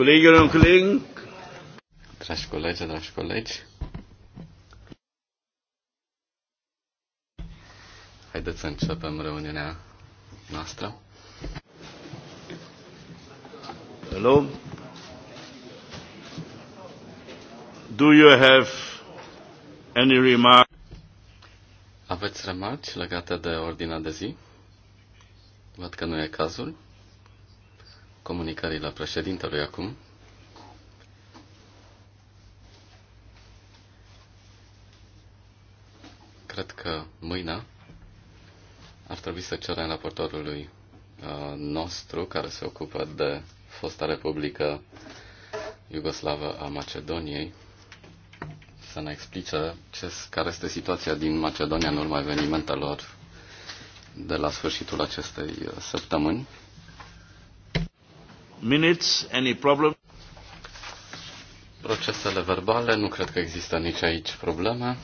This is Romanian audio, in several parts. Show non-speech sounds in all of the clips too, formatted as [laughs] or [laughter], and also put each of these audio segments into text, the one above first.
Kolleginnen und Kollegen. Dragi colegi, dragi colegi. Haideți să începem reuniunea noastră. Hello. Do you have any remark? Aveți remarci legate de ordinea de zi? Văd că nu e cazul la președintelui acum. Cred că mâine ar trebui să cerem raportorului uh, nostru care se ocupă de fosta Republică Iugoslavă a Macedoniei să ne explice ce, care este situația din Macedonia în urma evenimentelor de la sfârșitul acestei uh, săptămâni problem? Procesele verbale, nu cred că există nici aici probleme.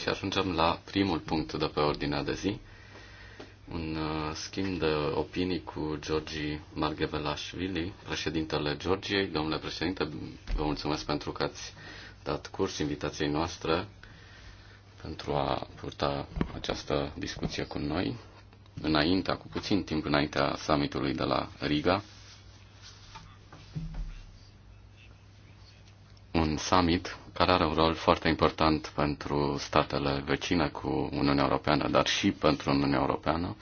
Și ajungem la primul punct de pe ordinea de zi. Un uh, schimb de opinii cu Georgi Margevelașvili, președintele Georgiei. Domnule președinte, vă mulțumesc pentru că ați dat curs invitației noastre pentru a purta această discuție cu noi, înaintea, cu puțin timp înaintea summitului de la Riga. summit care are un rol foarte important pentru statele vecine cu Uniunea Europeană, dar și pentru Uniunea Europeană.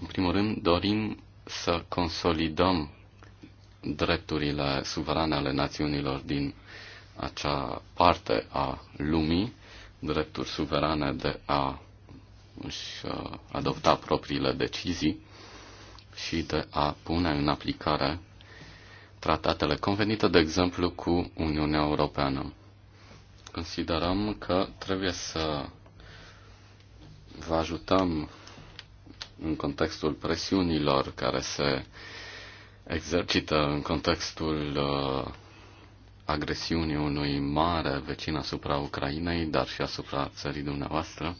În primul rând, dorim să consolidăm drepturile suverane ale națiunilor din acea parte a lumii, drepturi suverane de a își uh, adopta propriile decizii și de a pune în aplicare tratatele convenite, de exemplu, cu Uniunea Europeană. Considerăm că trebuie să vă ajutăm în contextul presiunilor care se exercită în contextul uh, agresiunii unui mare vecin asupra Ucrainei, dar și asupra țării dumneavoastră.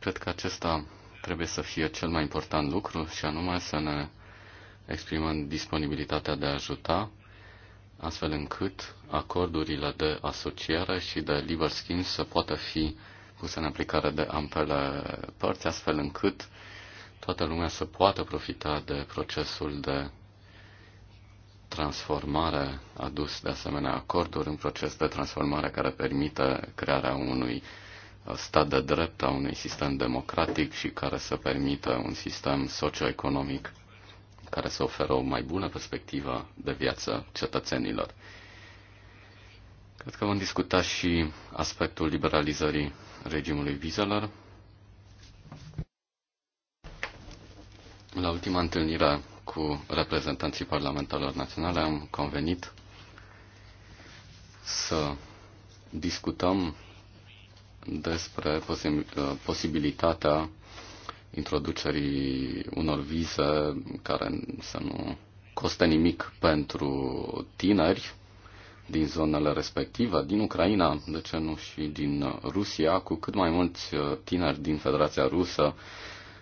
Cred că acesta trebuie să fie cel mai important lucru și anume să ne exprimăm disponibilitatea de a ajuta, astfel încât acordurile de asociere și de liber schimb să poată fi puse în aplicare de ambele părți, astfel încât toată lumea să poată profita de procesul de transformare adus de asemenea acorduri, un proces de transformare care permite crearea unui uh, stat de drept, a unui sistem democratic și care să permită un sistem socioeconomic care să oferă o mai bună perspectivă de viață cetățenilor. Cred că vom discuta și aspectul liberalizării regimului vizelor. La ultima întâlnire cu reprezentanții parlamentarilor naționale am convenit să discutăm despre posibilitatea introducerii unor vize care să nu coste nimic pentru tineri din zonele respective, din Ucraina, de ce nu și din Rusia, cu cât mai mulți tineri din Federația Rusă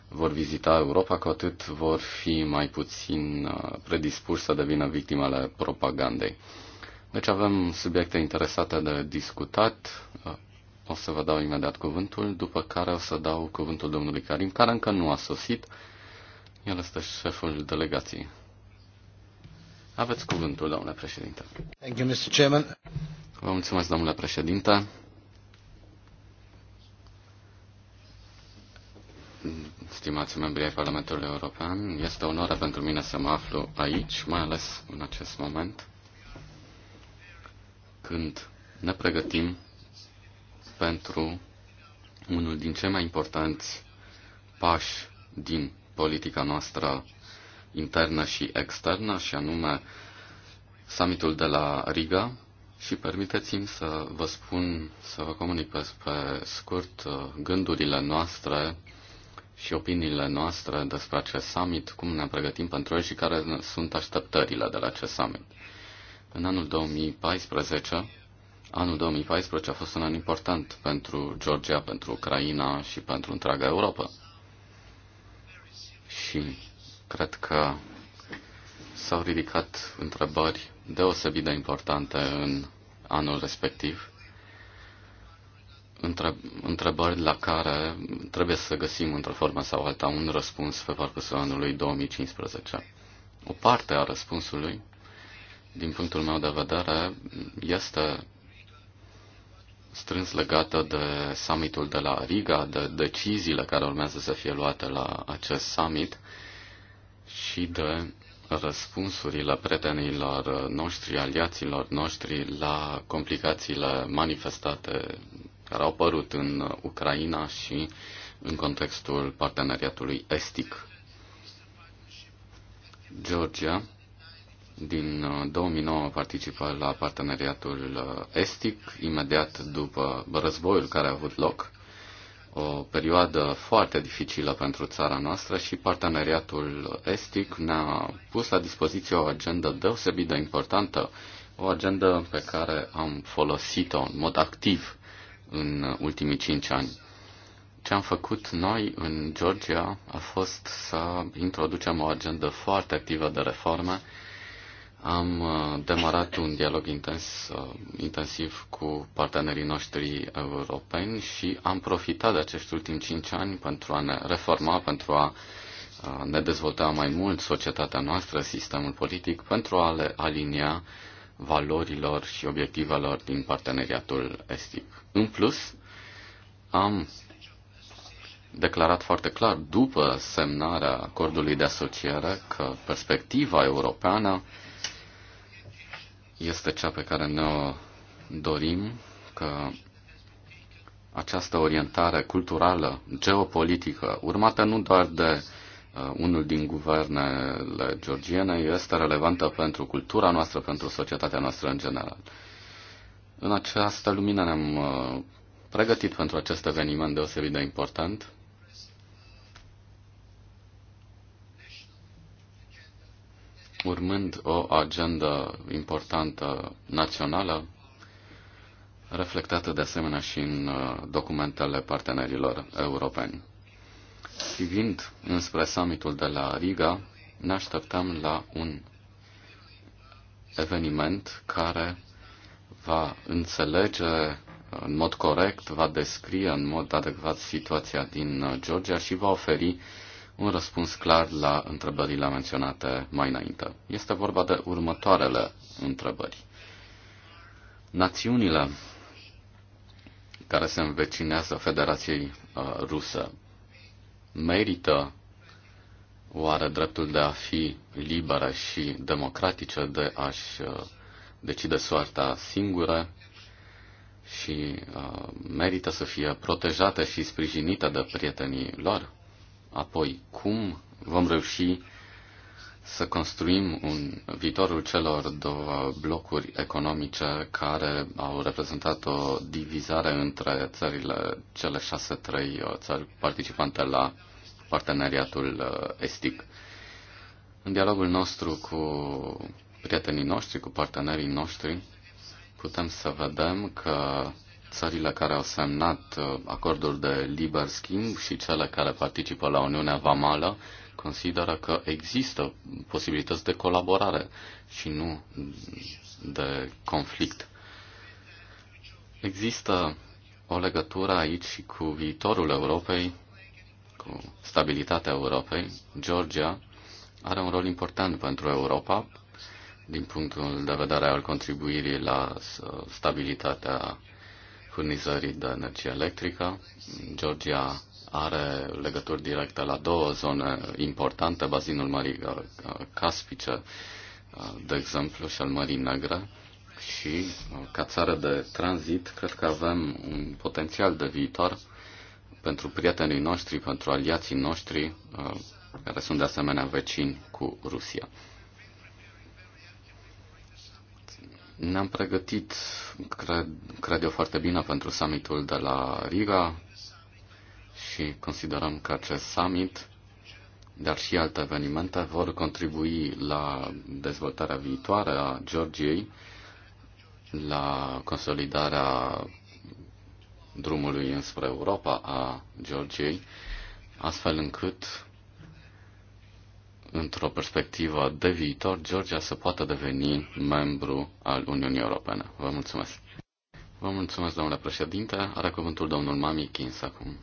vor vizita Europa, cu atât vor fi mai puțin uh, predispuși să devină victimele propagandei. Deci avem subiecte interesate de discutat, o să vă dau imediat cuvântul, după care o să dau cuvântul domnului Karim, care încă nu a sosit. El este șeful delegației. Aveți cuvântul, domnule președinte. Thank you, Mr. Chairman. Vă mulțumesc, domnule președinte. Stimați membri ai Parlamentului European, este onoare pentru mine să mă aflu aici, mai ales în acest moment, când ne pregătim pentru unul din cei mai importanți pași din politica noastră internă și externă, și anume summitul de la Riga. Și permiteți-mi să vă spun, să vă comunic pe, pe scurt uh, gândurile noastre și opiniile noastre despre acest summit, cum ne pregătim pentru el și care sunt așteptările de la acest summit. În anul 2014, Anul 2014 a fost un an important pentru Georgia, pentru Ucraina și pentru întreaga Europa. Și cred că s-au ridicat întrebări deosebit de importante în anul respectiv, întrebări la care trebuie să găsim într-o formă sau alta un răspuns pe parcursul anului 2015. O parte a răspunsului, din punctul meu de vedere, este strâns legată de summitul de la Riga, de deciziile care urmează să fie luate la acest summit și de răspunsurile prietenilor noștri, aliaților noștri la complicațiile manifestate care au apărut în Ucraina și în contextul parteneriatului estic. Georgia din 2009 uh, participat la parteneriatul uh, estic, imediat după războiul care a avut loc, o perioadă foarte dificilă pentru țara noastră și parteneriatul estic ne-a pus la dispoziție o agendă deosebit de importantă, o agendă pe care am folosit-o în mod activ în ultimii cinci ani. Ce am făcut noi în Georgia a fost să introducem o agendă foarte activă de reforme, am uh, demarat un dialog intens, uh, intensiv cu partenerii noștri europeni și am profitat de acești ultimi cinci ani pentru a ne reforma, pentru a uh, ne dezvolta mai mult societatea noastră, sistemul politic, pentru a le alinia valorilor și obiectivelor din parteneriatul estic. În plus, am declarat foarte clar după semnarea acordului de asociere că perspectiva europeană este cea pe care ne-o dorim, că această orientare culturală, geopolitică, urmată nu doar de uh, unul din guvernele georgiene, este relevantă pentru cultura noastră, pentru societatea noastră în general. În această lumină ne-am uh, pregătit pentru acest eveniment deosebit de important urmând o agendă importantă națională, reflectată de asemenea și în uh, documentele partenerilor europeni. Privind înspre summitul de la Riga, ne așteptăm la un eveniment care va înțelege uh, în mod corect, va descrie în mod adecvat situația din uh, Georgia și va oferi un răspuns clar la întrebările menționate mai înainte. Este vorba de următoarele întrebări. Națiunile care se învecinează Federației uh, Rusă merită oare dreptul de a fi libere și democratice, de a-și uh, decide soarta singură și uh, merită să fie protejate și sprijinite de prietenii lor? Apoi, cum vom reuși să construim un viitorul celor două blocuri economice care au reprezentat o divizare între țările, cele șase trei uh, țări participante la parteneriatul uh, estic. În dialogul nostru cu prietenii noștri, cu partenerii noștri, putem să vedem că țările care au semnat uh, acorduri de liber schimb și cele care participă la Uniunea Vamală consideră că există posibilități de colaborare și nu de conflict. Există o legătură aici și cu viitorul Europei, cu stabilitatea Europei. Georgia are un rol important pentru Europa din punctul de vedere al contribuirii la uh, stabilitatea furnizării de energie electrică. Georgia are legături directe la două zone importante, bazinul Mării uh, uh, Caspice, uh, de exemplu, și al Mării Negre. Și ca țară de tranzit, cred că avem un potențial de viitor pentru prietenii noștri, pentru aliații noștri, care sunt de asemenea vecini cu Rusia. Ne-am pregătit, cred, cred eu, foarte bine pentru summitul de la Riga și considerăm că acest summit, dar și alte evenimente, vor contribui la dezvoltarea viitoare a Georgiei, la consolidarea drumului înspre Europa a Georgiei, astfel încât într-o perspectivă de viitor, Georgia să poată deveni membru al Uniunii Europene. Vă mulțumesc. Vă mulțumesc, domnule președinte. Are cuvântul domnul Mami Kins acum.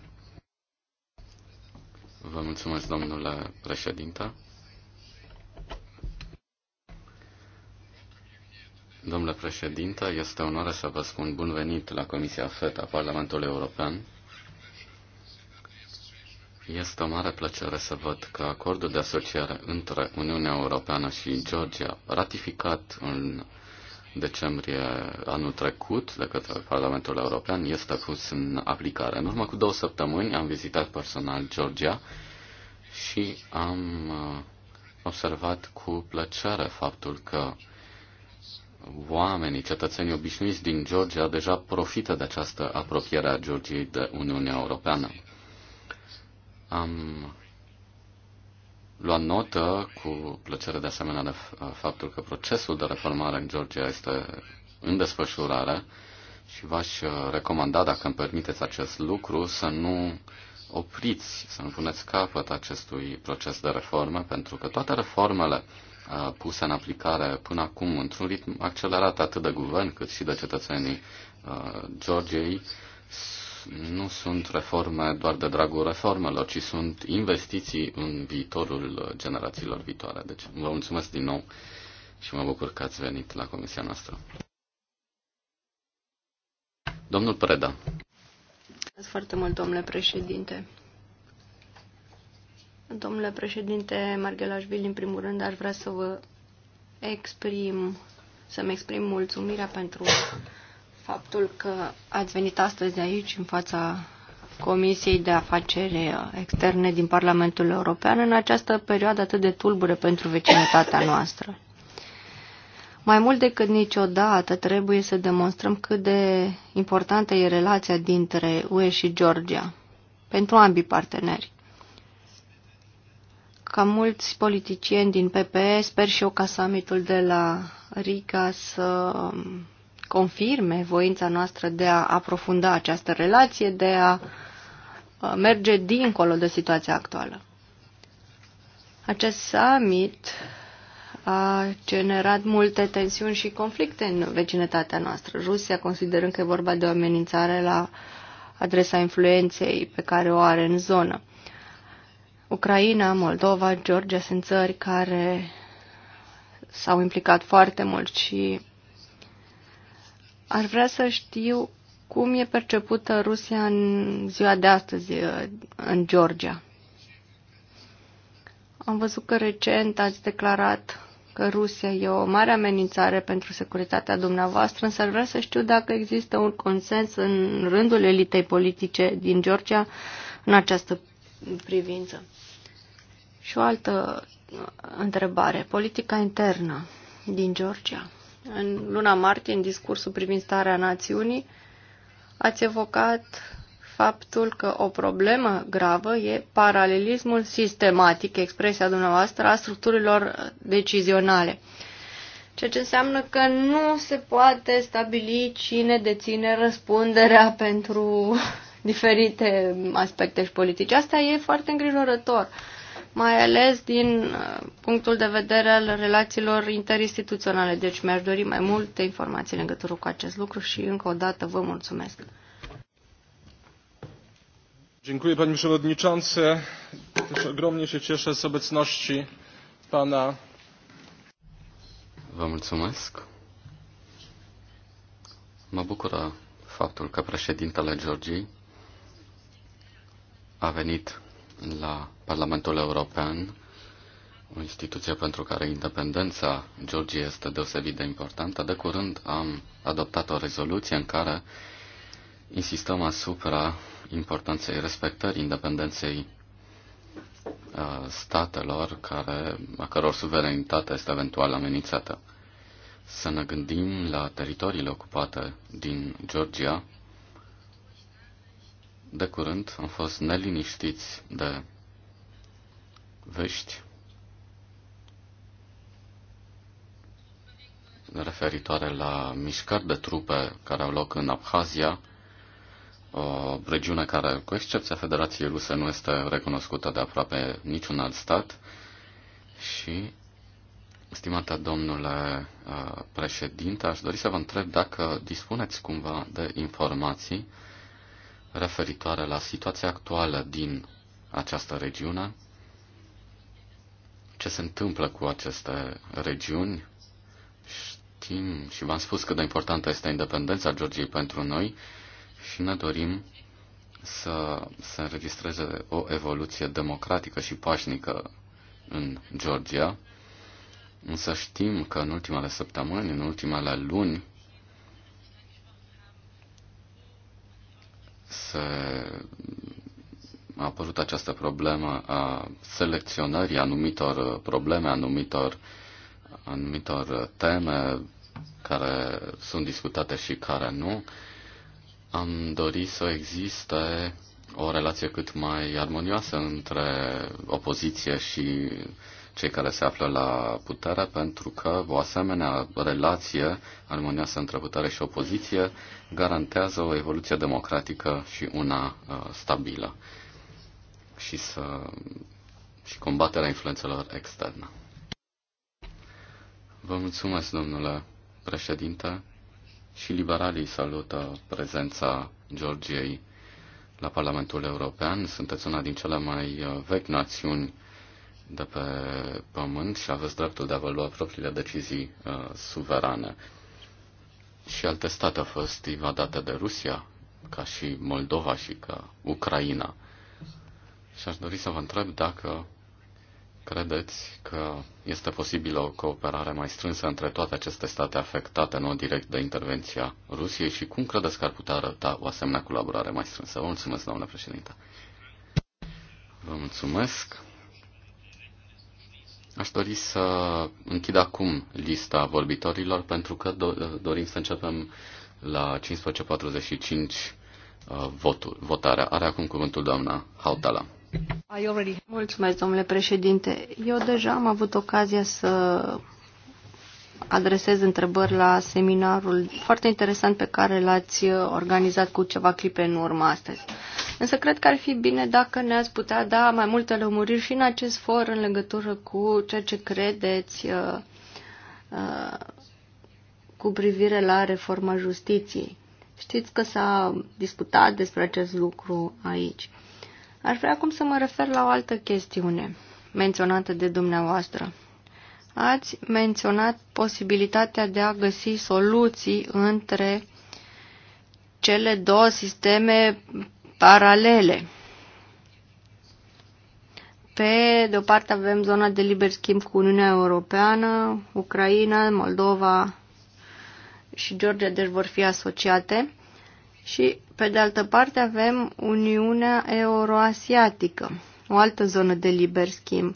Vă mulțumesc, domnule președinte. Domnule președinte, este onoare să vă spun bun venit la Comisia FET a Parlamentului European. Este o mare plăcere să văd că acordul de asociere între Uniunea Europeană și Georgia, ratificat în decembrie anul trecut de către Parlamentul European, este pus în aplicare. În urmă cu două săptămâni am vizitat personal Georgia și am uh, observat cu plăcere faptul că oamenii, cetățenii obișnuiți din Georgia deja profită de această apropiere a Georgiei de Uniunea Europeană. Am luat notă cu plăcere de asemenea de faptul că procesul de reformare în Georgia este în desfășurare și v-aș uh, recomanda, dacă îmi permiteți acest lucru, să nu opriți, să nu puneți capăt acestui proces de reformă, pentru că toate reformele uh, puse în aplicare până acum într-un ritm accelerat atât de guvern cât și de cetățenii uh, Georgiei nu sunt reforme doar de dragul reformelor, ci sunt investiții în viitorul generațiilor viitoare. Deci vă mulțumesc din nou și mă bucur că ați venit la comisia noastră. Domnul Preda. Mulțumesc foarte mult, domnule președinte. Domnule președinte Margelașvili, în primul rând aș vrea să vă exprim, să-mi exprim mulțumirea pentru faptul că ați venit astăzi aici în fața Comisiei de Afaceri Externe din Parlamentul European în această perioadă atât de tulbure pentru vecinătatea noastră. Mai mult decât niciodată trebuie să demonstrăm cât de importantă e relația dintre UE și Georgia pentru ambii parteneri. Ca mulți politicieni din PPE, sper și eu ca summitul de la Riga să confirme voința noastră de a aprofunda această relație, de a merge dincolo de situația actuală. Acest summit a generat multe tensiuni și conflicte în vecinătatea noastră. Rusia, considerând că e vorba de o amenințare la adresa influenței pe care o are în zonă. Ucraina, Moldova, Georgia sunt țări care s-au implicat foarte mult și Aș vrea să știu cum e percepută Rusia în ziua de astăzi uh, în Georgia. Am văzut că recent ați declarat că Rusia e o mare amenințare pentru securitatea dumneavoastră, însă ar vrea să știu dacă există un consens în rândul elitei politice din Georgia în această privință. Și o altă uh, întrebare. Politica internă din Georgia. În luna martie, în discursul privind starea națiunii, ați evocat faptul că o problemă gravă e paralelismul sistematic, expresia dumneavoastră, a structurilor decizionale. Ceea ce înseamnă că nu se poate stabili cine deține răspunderea [laughs] pentru diferite aspecte și politice. Asta e foarte îngrijorător. Uh, mai ales din uh, punctul de vedere al relațiilor interinstituționale. Deci mi-aș dori mai multe informații în legătură cu acest lucru și încă o dată vă mulțumesc. Dziękuję panie przewodniczący. Też ogromnie się cieszę z obecności pana. Vă mulțumesc. Mă bucură faptul că președintele Georgiei a venit la Parlamentul European, o instituție pentru care independența Georgiei este deosebit de importantă, de curând am adoptat o rezoluție în care insistăm asupra importanței respectării independenței uh, statelor care, a căror suverenitate este eventual amenințată. Să ne gândim la teritoriile ocupate din Georgia. De curând am fost neliniștiți de vești referitoare la mișcări de trupe care au loc în Abhazia, o regiune care, cu excepția Federației Ruse, nu este recunoscută de aproape niciun alt stat. Și, stimată domnule uh, președinte, aș dori să vă întreb dacă dispuneți cumva de informații referitoare la situația actuală din această regiune, ce se întâmplă cu aceste regiuni. Știm și v-am spus cât de importantă este independența Georgiei pentru noi și ne dorim să se înregistreze o evoluție democratică și pașnică în Georgia. Însă știm că în ultimele săptămâni, în ultimele luni, se a apărut această problemă a selecționării anumitor uh, probleme, anumitor, anumitor uh, teme care sunt discutate și care nu, am dorit să existe o relație cât mai armonioasă între opoziție și cei care se află la putere, pentru că o asemenea relație armonioasă între putere și opoziție garantează o evoluție democratică și una uh, stabilă și, să, și combaterea influențelor externe. Vă mulțumesc, domnule președinte, și liberalii salută prezența Georgiei la Parlamentul European. Sunteți una din cele mai uh, vechi națiuni de pe pământ și aveți dreptul de a vă lua propriile decizii uh, suverane. Și alte state au fost invadate de Rusia, ca și Moldova și ca Ucraina. Și aș dori să vă întreb dacă credeți că este posibilă o cooperare mai strânsă între toate aceste state afectate în direct de intervenția Rusiei și cum credeți că ar putea arăta o asemenea colaborare mai strânsă? Vă mulțumesc, doamne președinte. Vă mulțumesc. Aș dori să închid acum lista vorbitorilor pentru că do- dorim să începem la 15.45 uh, votul, votarea. Are acum cuvântul doamna Hautala. Mulțumesc, domnule președinte. Eu deja am avut ocazia să adresez întrebări la seminarul foarte interesant pe care l-ați organizat cu ceva clipe în urmă astăzi. Însă cred că ar fi bine dacă ne-ați putea da mai multe lămuriri și în acest for în legătură cu ceea ce credeți uh, uh, cu privire la reforma justiției. Știți că s-a discutat despre acest lucru aici. Ar vrea acum să mă refer la o altă chestiune menționată de dumneavoastră. Ați menționat posibilitatea de a găsi soluții între cele două sisteme paralele. Pe de o parte avem zona de liber schimb cu Uniunea Europeană, Ucraina, Moldova și Georgia, deci vor fi asociate. Și pe de altă parte avem Uniunea Euroasiatică, o altă zonă de liber schimb.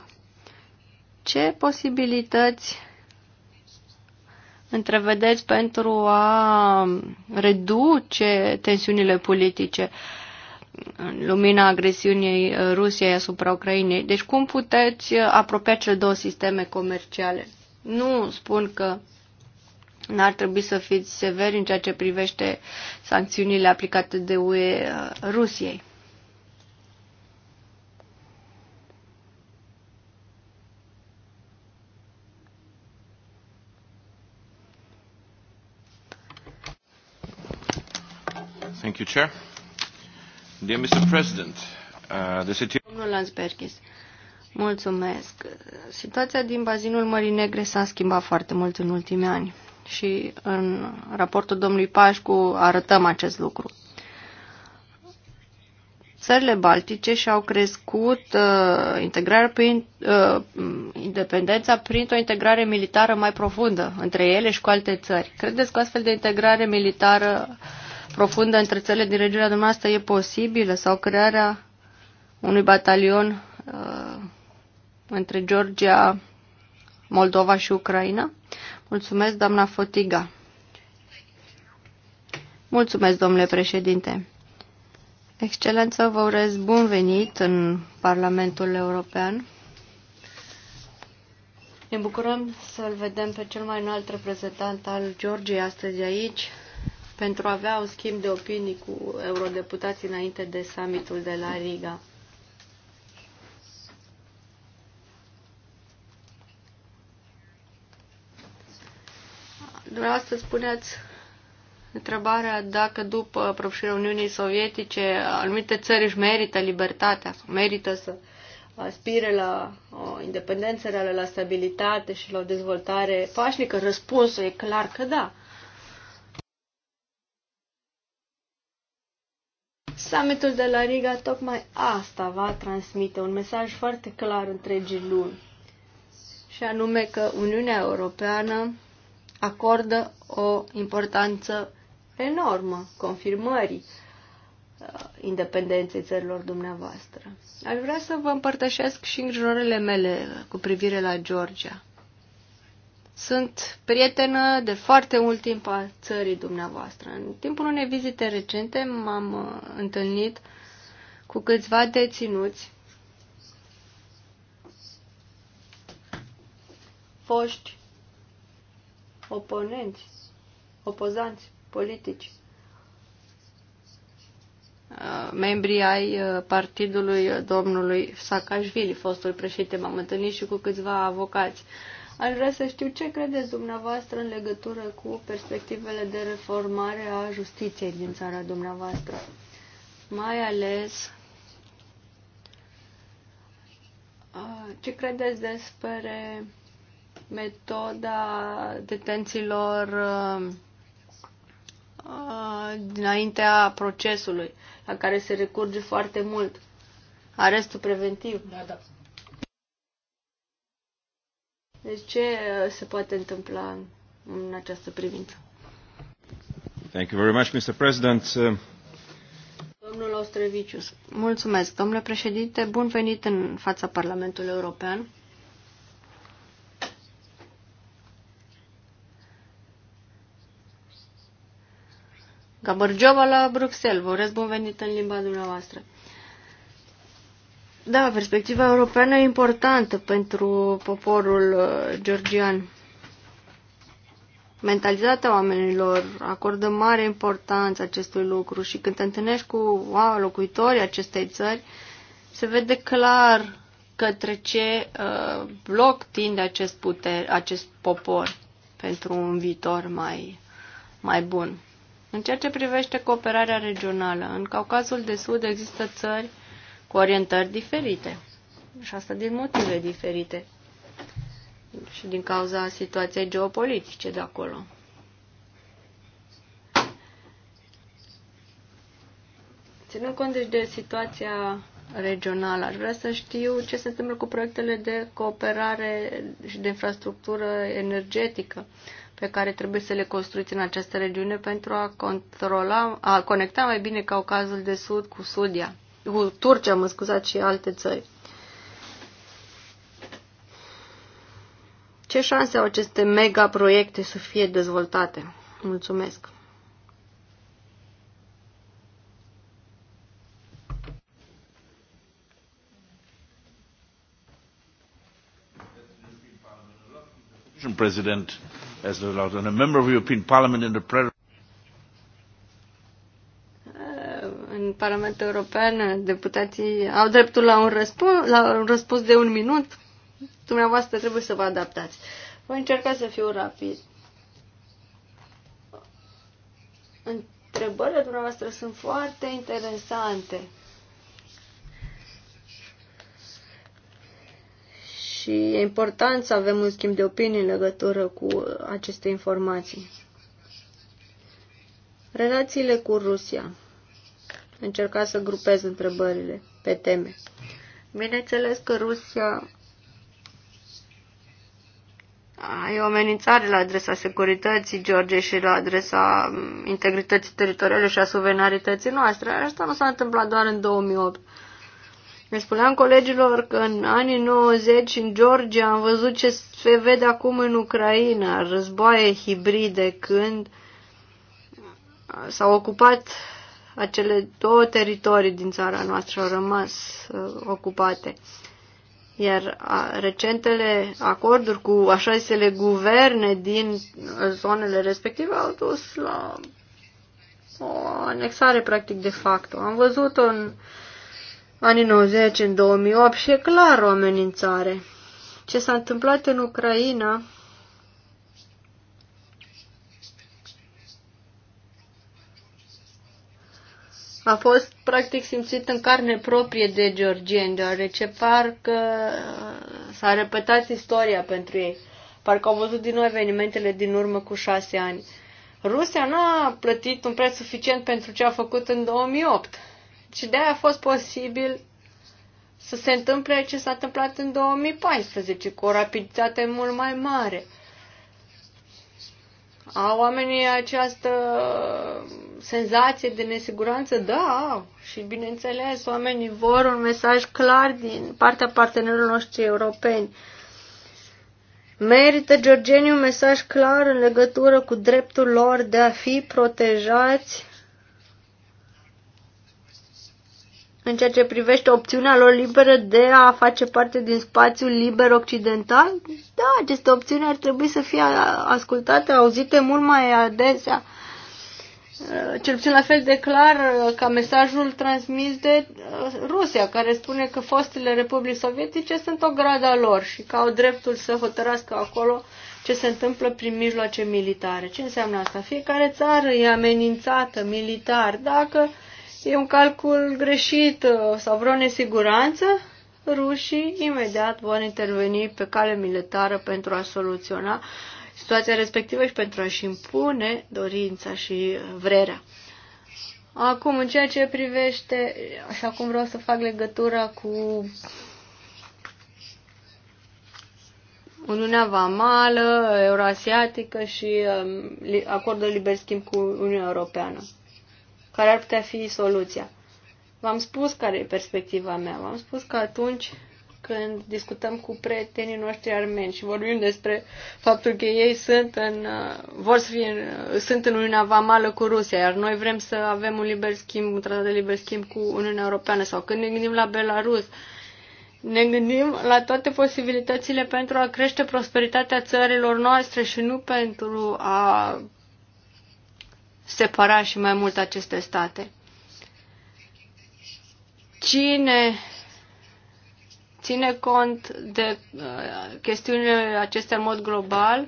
Ce posibilități întrevedeți pentru a reduce tensiunile politice în lumina agresiunii Rusiei asupra Ucrainei? Deci cum puteți apropia cele două sisteme comerciale? Nu spun că N-ar trebui să fiți severi în ceea ce privește sancțiunile aplicate de UE uh, Rusiei. Thank you, Chair. Dear Mr. President, uh, the city... Domnul Lansbergis, mulțumesc. Situația din bazinul Mării Negre s-a schimbat foarte mult în ultimii ani și în raportul domnului Pașcu arătăm acest lucru. Țările baltice și-au crescut uh, integrarea prin, uh, independența printr-o integrare militară mai profundă între ele și cu alte țări. Credeți că astfel de integrare militară profundă între țările din regiunea dumneavoastră e posibilă sau crearea unui batalion uh, între Georgia, Moldova și Ucraina? Mulțumesc, doamna Fotiga. Mulțumesc, domnule președinte. Excelență, vă urez bun venit în Parlamentul European. Ne bucurăm să-l vedem pe cel mai înalt reprezentant al Georgiei astăzi aici pentru a avea un schimb de opinii cu eurodeputații înainte de summitul de la Riga. Dumneavoastră spuneați întrebarea dacă după prăbușirea Uniunii Sovietice anumite țări își merită libertatea, sau merită să aspire la o independență reală, la stabilitate și la o dezvoltare pașnică? Răspunsul e clar că da. Summitul de la Riga tocmai asta va transmite un mesaj foarte clar întregii luni. și anume că Uniunea Europeană acordă o importanță enormă confirmării uh, independenței țărilor dumneavoastră. Aș vrea să vă împărtășesc și îngrijorările mele cu privire la Georgia. Sunt prietenă de foarte mult timp a țării dumneavoastră. În timpul unei vizite recente m-am uh, întâlnit cu câțiva deținuți foști oponenți, opozanți politici, membrii ai partidului domnului Saakashvili, fostul președinte. M-am întâlnit și cu câțiva avocați. Aș vrea să știu ce credeți dumneavoastră în legătură cu perspectivele de reformare a justiției din țara dumneavoastră. Mai ales ce credeți despre metoda detențiilor uh, uh, dinaintea procesului, la care se recurge foarte mult. Arestul preventiv. Da, da. Deci ce uh, se poate întâmpla în această privință? Thank you very much, Mr. President. Uh, Domnul Ostreviciu, Mulțumesc, domnule președinte. Bun venit în fața Parlamentului European. Gabărgeova la Bruxelles. Vă urez bun venit în limba dumneavoastră. Da, perspectiva europeană e importantă pentru poporul uh, georgian. Mentalitatea oamenilor acordă mare importanță acestui lucru și când te întâlnești cu wow, locuitorii acestei țări, se vede clar către ce uh, bloc tinde acest, puter, acest popor pentru un viitor mai, mai bun. În ceea ce privește cooperarea regională, în Caucazul de Sud există țări cu orientări diferite. Și asta din motive diferite. Și din cauza situației geopolitice de acolo. Ținând cont deci de situația regională, aș vrea să știu ce se întâmplă cu proiectele de cooperare și de infrastructură energetică pe care trebuie să le construiți în această regiune pentru a, controla, a conecta mai bine Caucazul de Sud cu Sudia, cu Turcia, mă scuzați, și alte țări. Ce șanse au aceste mega proiecte să fie dezvoltate? Mulțumesc! President as And a member of European Parliament in the uh, în Parlamentul European, uh, deputații au dreptul la un, răspuns, la un răspuns de un minut. Dumneavoastră trebuie să vă adaptați. Voi încerca să fiu rapid. Întrebările dumneavoastră sunt foarte interesante. și e important să avem un schimb de opinii în legătură cu aceste informații. Relațiile cu Rusia. Încerca să grupez întrebările pe teme. Bineînțeles că Rusia e o amenințare la adresa securității George și la adresa mm, integrității teritoriale și a suveranității noastre. Asta nu s-a întâmplat doar în 2008. Le spuneam colegilor că în anii 90 în Georgia am văzut ce se vede acum în Ucraina, războaie hibride, când s-au ocupat acele două teritorii din țara noastră au rămas uh, ocupate. Iar a, recentele acorduri cu așa zisele guverne din uh, zonele respective au dus la o anexare practic de facto. Am văzut în anii 90, în 2008 și e clar o amenințare. Ce s-a întâmplat în Ucraina a fost practic simțit în carne proprie de georgieni, deoarece parcă s-a repetat istoria pentru ei. Parcă au văzut din nou evenimentele din urmă cu șase ani. Rusia nu a plătit un preț suficient pentru ce a făcut în 2008 și de-aia a fost posibil să se întâmple ce s-a întâmplat în 2014, cu o rapiditate mult mai mare. Au oamenii această senzație de nesiguranță? Da, au. Și bineînțeles, oamenii vor un mesaj clar din partea partenerilor noștri europeni. Merită Georgeniu un mesaj clar în legătură cu dreptul lor de a fi protejați în ceea ce privește opțiunea lor liberă de a face parte din spațiul liber occidental, da, aceste opțiuni ar trebui să fie ascultate, auzite mult mai adesea, uh, cel puțin la fel de clar uh, ca mesajul transmis de uh, Rusia, care spune că fostele republici sovietice sunt o grada lor și că au dreptul să hotărască acolo ce se întâmplă prin mijloace militare. Ce înseamnă asta? Fiecare țară e amenințată militar dacă e un calcul greșit uh, sau vreo nesiguranță, rușii imediat vor interveni pe cale militară pentru a soluționa situația respectivă și pentru a-și impune dorința și vrerea. Acum, în ceea ce privește, și acum vreau să fac legătura cu Uniunea Vamală, Euroasiatică și um, acordul liber schimb cu Uniunea Europeană care ar putea fi soluția. V-am spus care e perspectiva mea. V-am spus că atunci când discutăm cu prietenii noștri armeni și vorbim despre faptul că ei sunt în, uh, vor să fie, uh, sunt în Uniunea Vamală cu Rusia, iar noi vrem să avem un liber schimb, un tratat de liber schimb cu Uniunea Europeană sau când ne gândim la Belarus, ne gândim la toate posibilitățile pentru a crește prosperitatea țărilor noastre și nu pentru a separa și mai mult aceste state. Cine ține cont de uh, chestiunile acestea în mod global,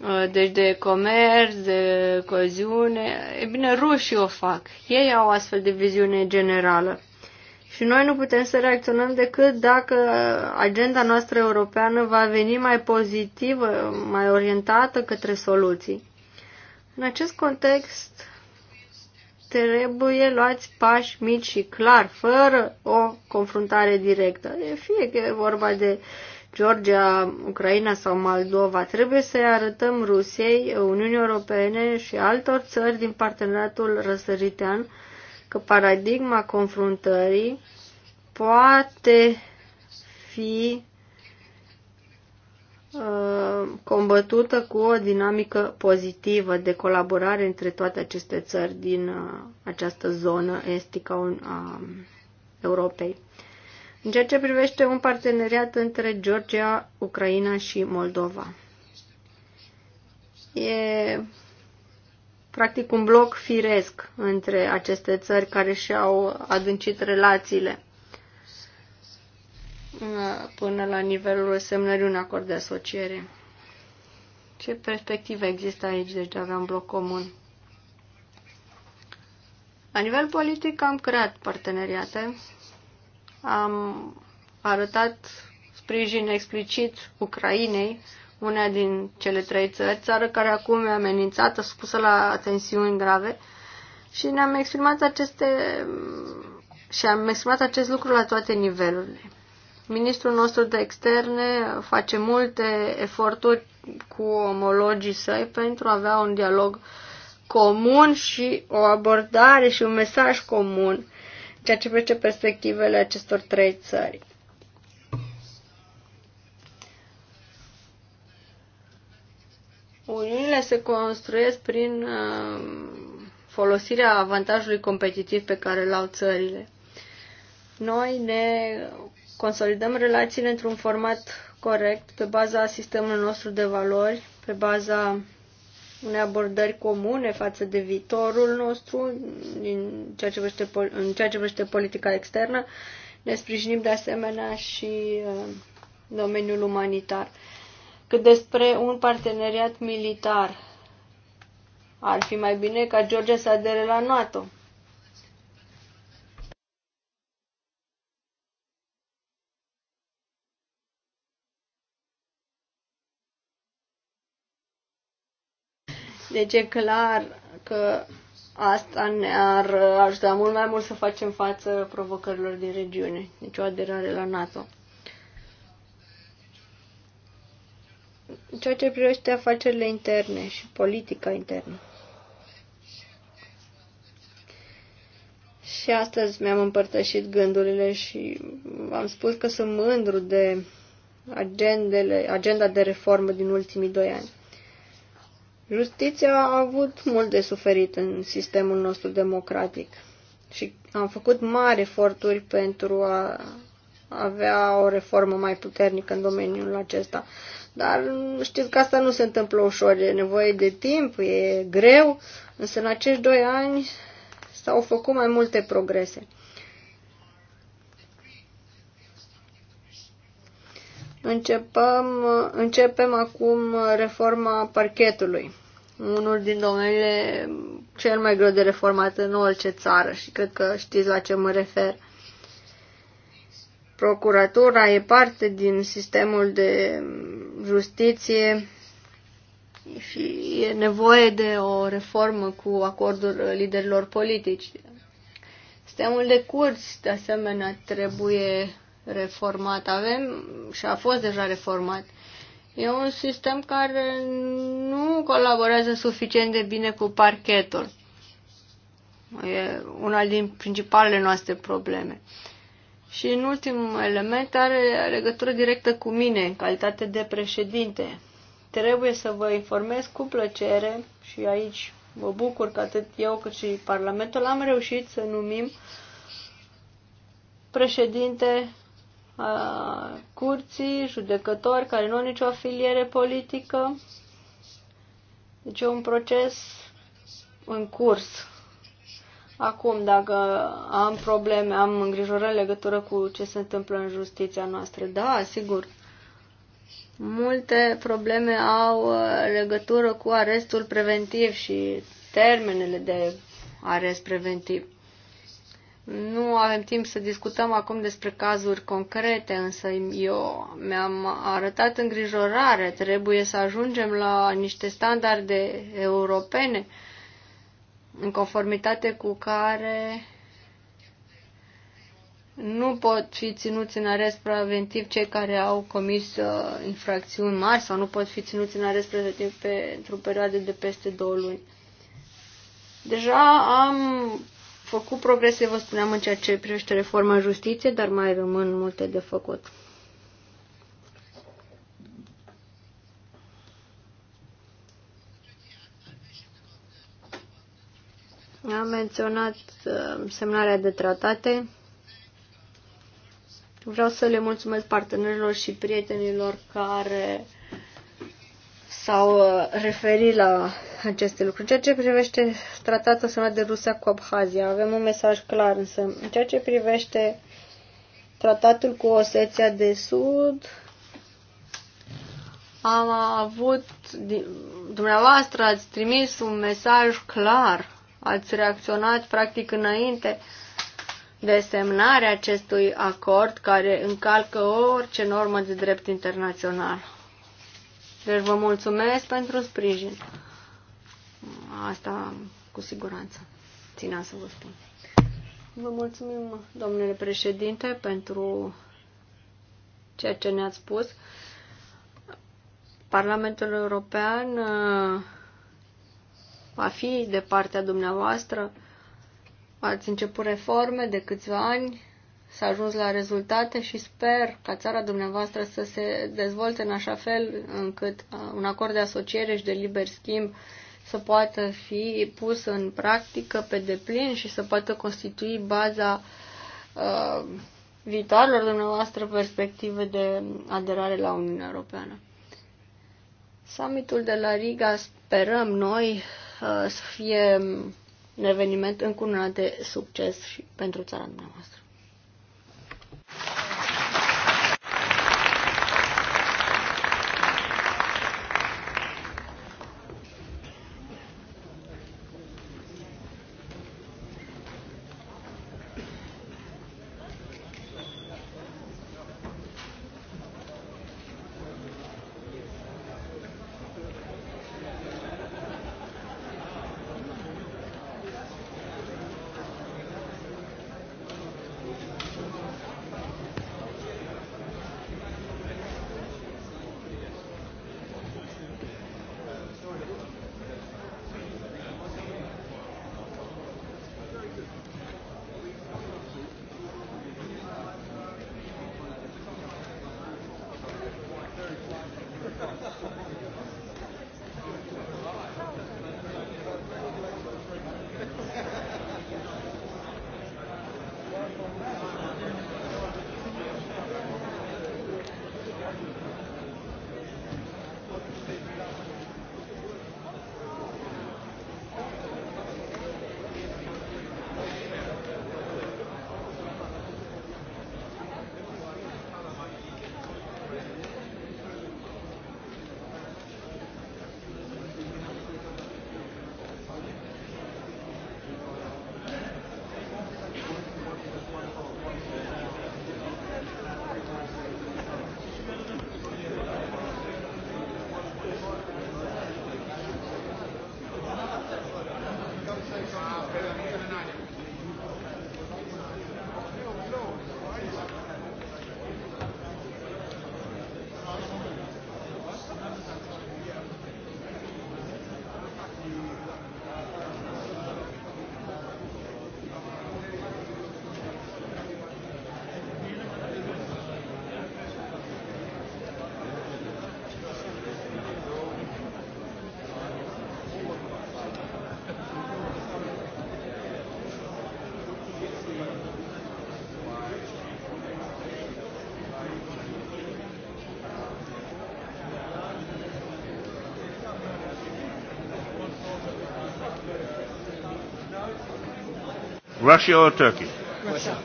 uh, deci de comerț, de coziune, e bine, rușii o fac. Ei au astfel de viziune generală. Și noi nu putem să reacționăm decât dacă agenda noastră europeană va veni mai pozitivă, mai orientată către soluții. În acest context, trebuie luați pași mici și clar, fără o confruntare directă. Fie că e vorba de Georgia, Ucraina sau Moldova, trebuie să arătăm Rusiei, Uniunii Europene și altor țări din parteneriatul răsăritean că paradigma confruntării poate fi Uh, combătută cu o dinamică pozitivă de colaborare între toate aceste țări din uh, această zonă estică a Europei. În ceea ce privește un parteneriat între Georgia, Ucraina și Moldova. E practic un bloc firesc între aceste țări care și-au adâncit relațiile până la nivelul semnării un acord de asociere. Ce perspectivă există aici, deci de a avea un bloc comun? La nivel politic am creat parteneriate, am arătat sprijin explicit Ucrainei, una din cele trei țări, țară care acum e amenințată, supusă la tensiuni grave, și ne-am exprimat aceste și am exprimat acest lucru la toate nivelurile. Ministrul nostru de externe face multe eforturi cu omologii săi pentru a avea un dialog comun și o abordare și un mesaj comun ceea ce face perspectivele acestor trei țări. Uniunile se construiesc prin uh, folosirea avantajului competitiv pe care îl au țările. Noi ne consolidăm relațiile într-un format corect, pe baza sistemului nostru de valori, pe baza unei abordări comune față de viitorul nostru în ceea ce vrește, în ceea ce vrește politica externă. Ne sprijinim de asemenea și uh, domeniul umanitar. Cât despre un parteneriat militar, ar fi mai bine ca Georgia să adere la NATO. Deci e clar că asta ne-ar ajuta mult mai mult să facem față provocărilor din regiune, deci o aderare la NATO. ceea ce privește afacerile interne și politica internă. Și astăzi mi-am împărtășit gândurile și am spus că sunt mândru de agendele, agenda de reformă din ultimii doi ani. Justiția a avut mult de suferit în sistemul nostru democratic și am făcut mari eforturi pentru a avea o reformă mai puternică în domeniul acesta. Dar știți că asta nu se întâmplă ușor, e nevoie de timp, e greu, însă în acești doi ani s-au făcut mai multe progrese. Începem, începem acum reforma parchetului, unul din domeniile cel mai greu de reformat în orice țară și cred că știți la ce mă refer. Procuratura e parte din sistemul de justiție și e nevoie de o reformă cu acordul liderilor politici. Sistemul de curți, de asemenea, trebuie reformat. Avem și a fost deja reformat. E un sistem care nu colaborează suficient de bine cu parchetul. E una din principalele noastre probleme. Și în ultimul element are legătură directă cu mine, în calitate de președinte. Trebuie să vă informez cu plăcere și aici mă bucur că atât eu cât și Parlamentul am reușit să numim președinte uh, curții, judecători care nu au nicio afiliere politică. Deci e un proces în curs. Acum, dacă am probleme, am îngrijorări în legătură cu ce se întâmplă în justiția noastră, da, sigur. Multe probleme au uh, legătură cu arestul preventiv și termenele de arest preventiv. Nu avem timp să discutăm acum despre cazuri concrete, însă eu mi-am arătat îngrijorare. Trebuie să ajungem la niște standarde europene în conformitate cu care nu pot fi ținuți în arest preventiv cei care au comis uh, infracțiuni mari sau nu pot fi ținuți în arest preventiv pentru perioade de peste două luni. Deja am făcut progrese, vă spuneam, în ceea ce privește reforma justiției, dar mai rămân multe de făcut. Am menționat uh, semnarea de tratate. Vreau să le mulțumesc partenerilor și prietenilor care s-au uh, referit la aceste lucruri. În ceea ce privește tratatul semnat de Rusia cu Abhazia, avem un mesaj clar, însă în ceea ce privește tratatul cu Oseția de Sud, am avut, dumneavoastră ați trimis un mesaj clar, ați reacționat practic înainte de semnarea acestui acord care încalcă orice normă de drept internațional. Deci vă mulțumesc pentru sprijin. Asta cu siguranță ținea să vă spun. Vă mulțumim, domnule președinte, pentru ceea ce ne-ați spus. Parlamentul European uh, va fi de partea dumneavoastră. Ați început reforme de câțiva ani s-a ajuns la rezultate și sper ca țara dumneavoastră să se dezvolte în așa fel încât uh, un acord de asociere și de liber schimb să poată fi pus în practică pe deplin și să poată constitui baza uh, viitoarelor dumneavoastră perspective de aderare la Uniunea Europeană. Summitul de la Riga sperăm noi uh, să fie un eveniment încununat de succes și pentru țara dumneavoastră. Russia or Turkey? Russia.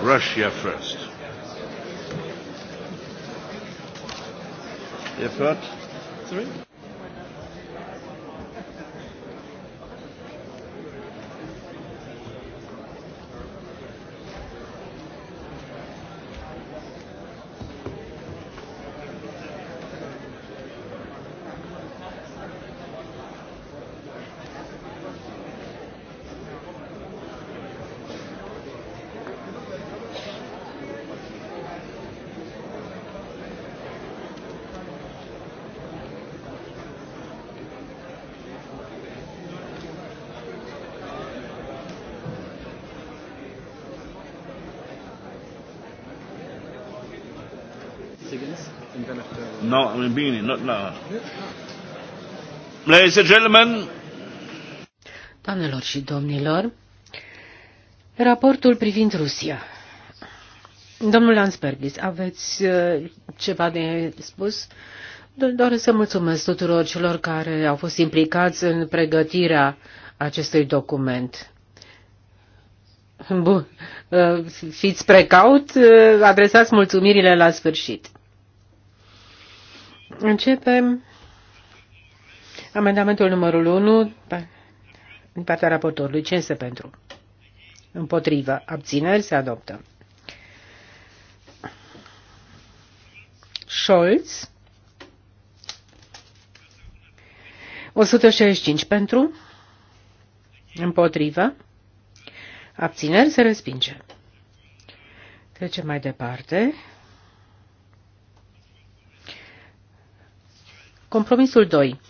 Russia first. Ihr hört? Sorry? Beanie, not now. Ladies and gentlemen. Doamnelor și domnilor, raportul privind Rusia. Domnul Lansbergis, aveți uh, ceva de spus? Doar să mulțumesc tuturor celor care au fost implicați în pregătirea acestui document. Bun. Uh, fiți precaut, uh, adresați mulțumirile la sfârșit. Începem amendamentul numărul 1 din partea raportorului. Ce este pentru? Împotrivă. Abțineri se adoptă. Scholz. 165 pentru. Împotrivă. Abțineri se respinge. Trecem mai departe. Compromisul 2.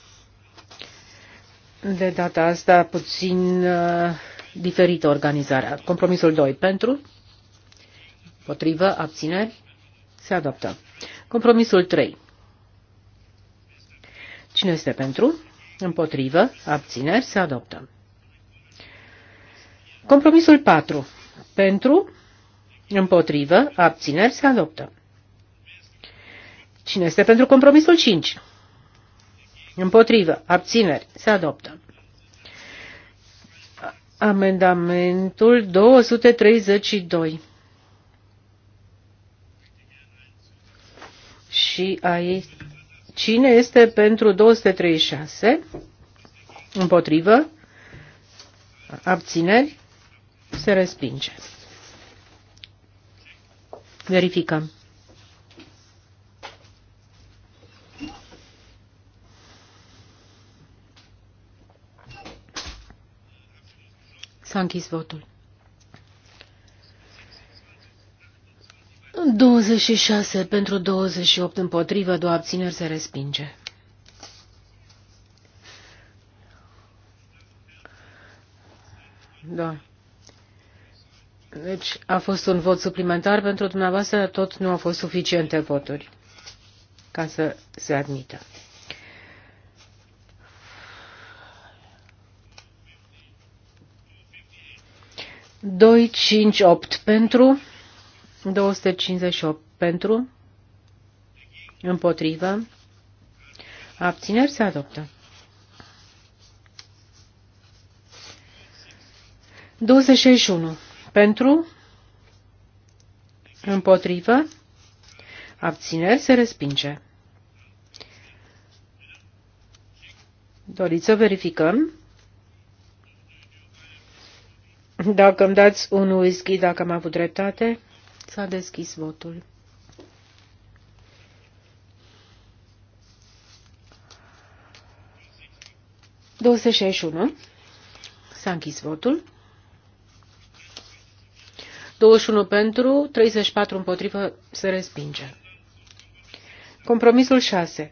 De data asta puțin uh, diferită organizarea. Compromisul 2 pentru, potrivă, abțineri, se adoptă. Compromisul 3. Cine este pentru? Împotrivă, abțineri, se adoptă. Compromisul 4. Pentru, împotrivă, abțineri, se adoptă. Cine este pentru compromisul 5? Împotrivă. Abțineri. Se adoptă. Amendamentul 232. Și aici. Cine este pentru 236? Împotrivă. Abțineri. Se respinge. Verificăm. S-a închis votul. 26 pentru 28 împotrivă, două abțineri se respinge. Da. Deci a fost un vot suplimentar pentru dumneavoastră, tot nu au fost suficiente voturi ca să se admită. 258 pentru, 258 pentru, împotrivă, abțineri se adoptă. 261 pentru, împotrivă, abțineri se respinge. Doriți să verificăm? Dacă îmi dați un whisky, dacă am avut dreptate, s-a deschis votul. S-a închis votul. 21 pentru, 34 împotrivă, se respinge. Compromisul 6.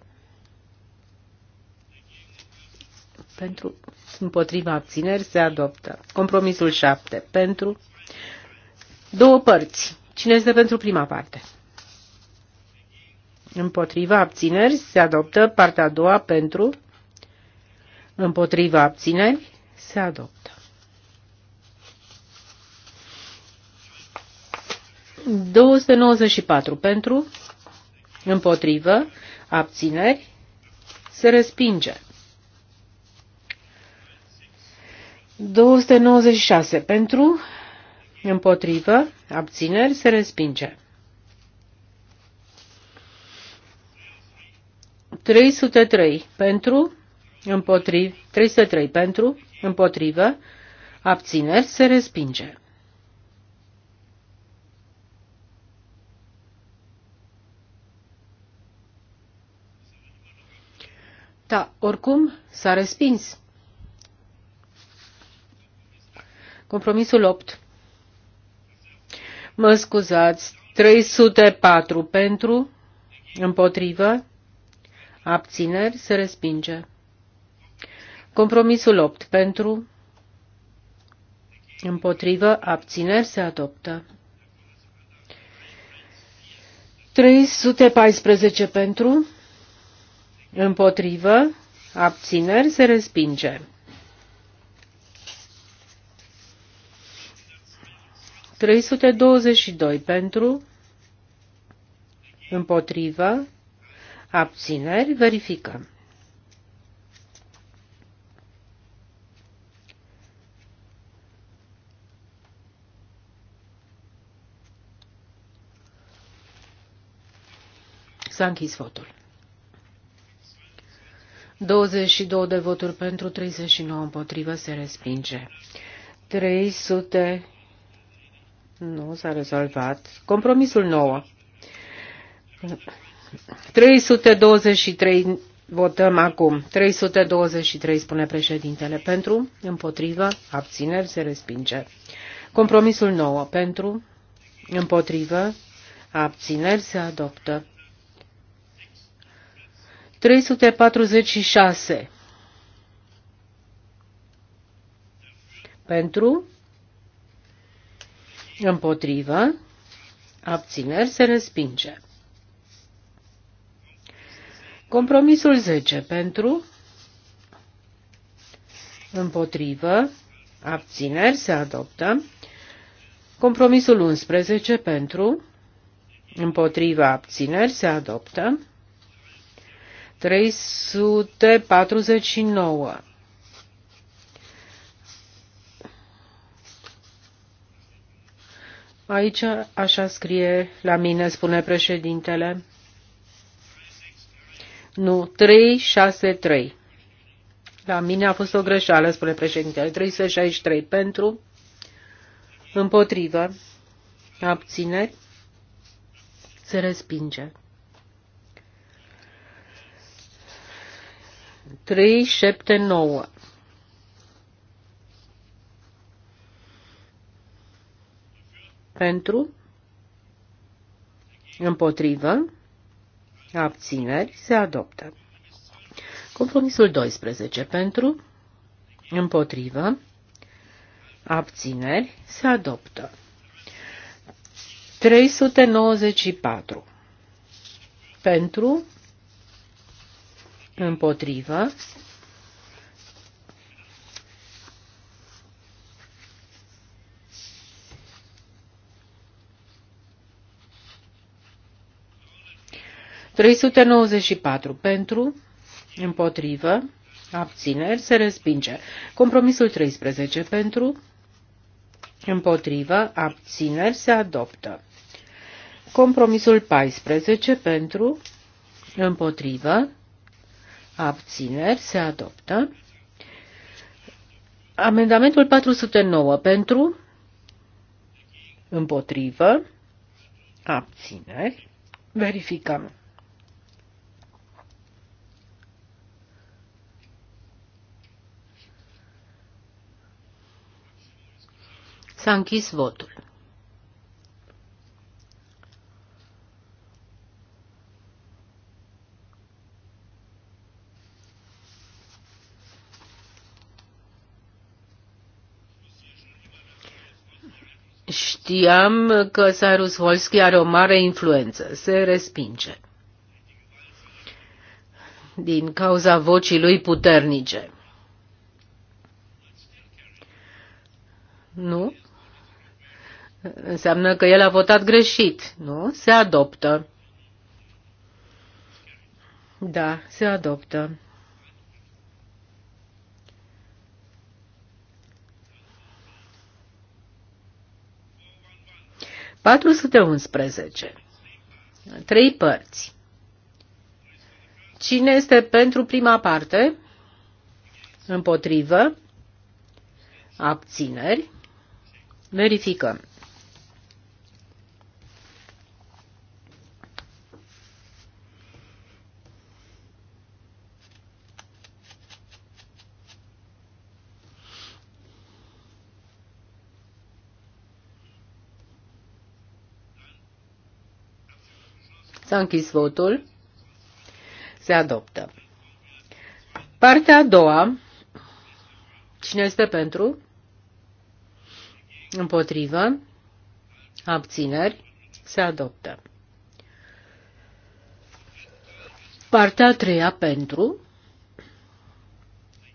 Pentru împotriva abțineri se adoptă. Compromisul 7 pentru două părți. Cine este pentru prima parte? Împotriva abțineri se adoptă partea a doua pentru împotriva abțineri se adoptă. 294 pentru, împotrivă, abțineri, se respinge. 296 pentru, împotrivă, abțineri, se respinge. 303 pentru, împotrivă, 303 pentru, împotrivă, abțineri, se respinge. Da, oricum s-a respins. Compromisul 8. Mă scuzați, 304 pentru, împotrivă, abțineri, se respinge. Compromisul 8 pentru, împotrivă, abțineri, se adoptă. 314 pentru, împotrivă, abțineri, se respinge. 322 pentru, împotrivă, abțineri, verificăm. S-a închis votul. 22 de voturi pentru, 39 împotrivă, se respinge. 300 nu s-a rezolvat. Compromisul 9. 323 votăm acum. 323 spune președintele. Pentru, împotrivă, abțineri, se respinge. Compromisul 9. Pentru, împotrivă, abțineri, se adoptă. 346. Pentru, Împotrivă. Abțineri se respinge. Compromisul 10 pentru. Împotrivă. Abțineri se adoptă. Compromisul 11 pentru. împotrivă, abțineri se adoptă. 349 Aici așa scrie la mine, spune președintele. Nu, 363. La mine a fost o greșeală, spune președintele. 363 pentru, împotrivă, abțineri, se respinge. 379 pentru, împotrivă, abțineri, se adoptă. Compromisul 12 pentru, împotrivă, abțineri, se adoptă. 394 pentru, împotrivă, 394 pentru, împotrivă, abțineri, se respinge. Compromisul 13 pentru, împotrivă, abțineri, se adoptă. Compromisul 14 pentru, împotrivă, abțineri, se adoptă. Amendamentul 409 pentru, împotrivă, abțineri, verificăm. S-a închis votul. Știam că Sarus Volski are o mare influență. Se respinge. Din cauza vocii lui puternice. Nu? Înseamnă că el a votat greșit, nu? Se adoptă. Da, se adoptă. Patru sute unsprezece. Trei părți. Cine este pentru prima parte? Împotrivă. Abțineri. Verificăm. S-a închis votul. Se adoptă. Partea a doua. Cine este pentru? Împotrivă. Abțineri. Se adoptă. Partea a treia pentru.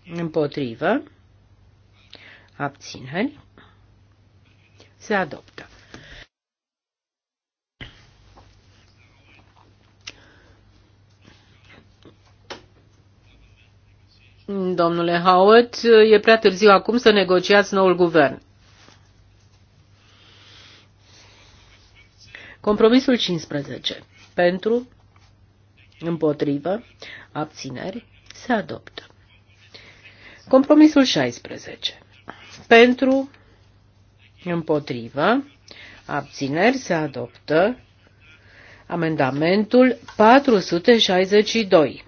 Împotrivă. Abțineri. Se adoptă. Domnule Howard, e prea târziu acum să negociați noul guvern. Compromisul 15. Pentru, împotrivă, abțineri, se adoptă. Compromisul 16. Pentru, împotrivă, abțineri, se adoptă amendamentul 462.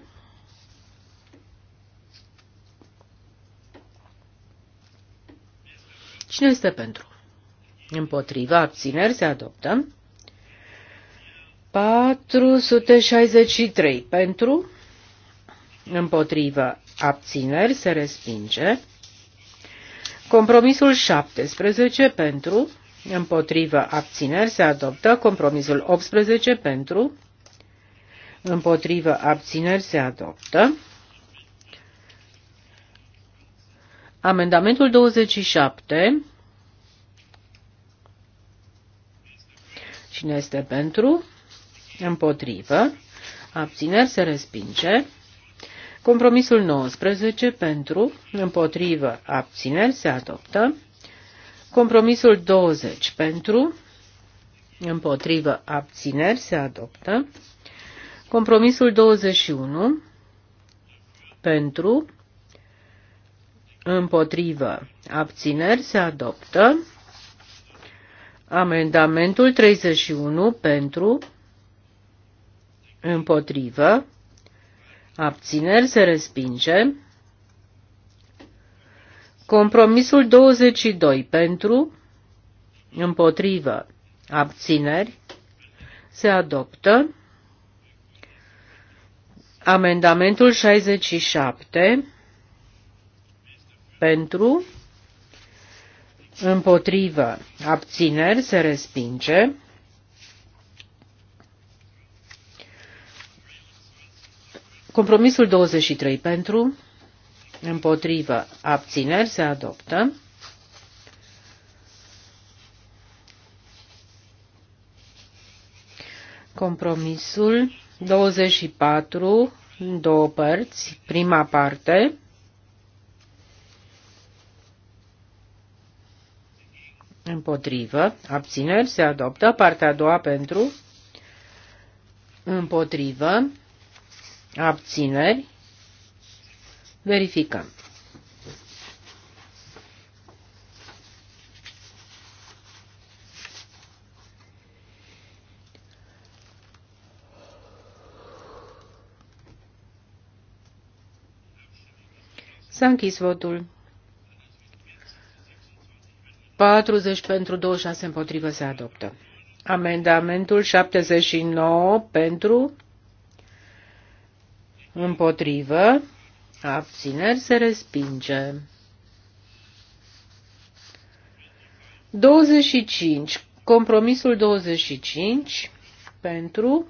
Cine este pentru? Împotriva abțineri se adoptă. 463 pentru, împotriva abțineri se respinge. Compromisul 17 pentru, împotriva abțineri se adoptă. Compromisul 18 pentru, împotriva abțineri se adoptă. Amendamentul 27. Cine este pentru? Împotrivă. Abțineri se respinge. Compromisul 19 pentru, împotrivă, abțineri se adoptă. Compromisul 20 pentru, împotrivă, abțineri se adoptă. Compromisul 21 pentru, Împotrivă. Abțineri se adoptă. Amendamentul 31 pentru. Împotrivă. Abțineri se respinge. Compromisul 22 pentru. Împotrivă. Abțineri se adoptă. Amendamentul 67 pentru, împotrivă, abțineri, se respinge. Compromisul 23 pentru, împotrivă, abțineri, se adoptă. Compromisul 24 două părți, prima parte Împotrivă. Abțineri se adoptă. Partea a doua pentru. Împotrivă. Abțineri. Verificăm. S-a închis votul. 40 pentru 26 împotrivă se adoptă. Amendamentul 79 pentru împotrivă abțineri se respinge. 25. Compromisul 25 pentru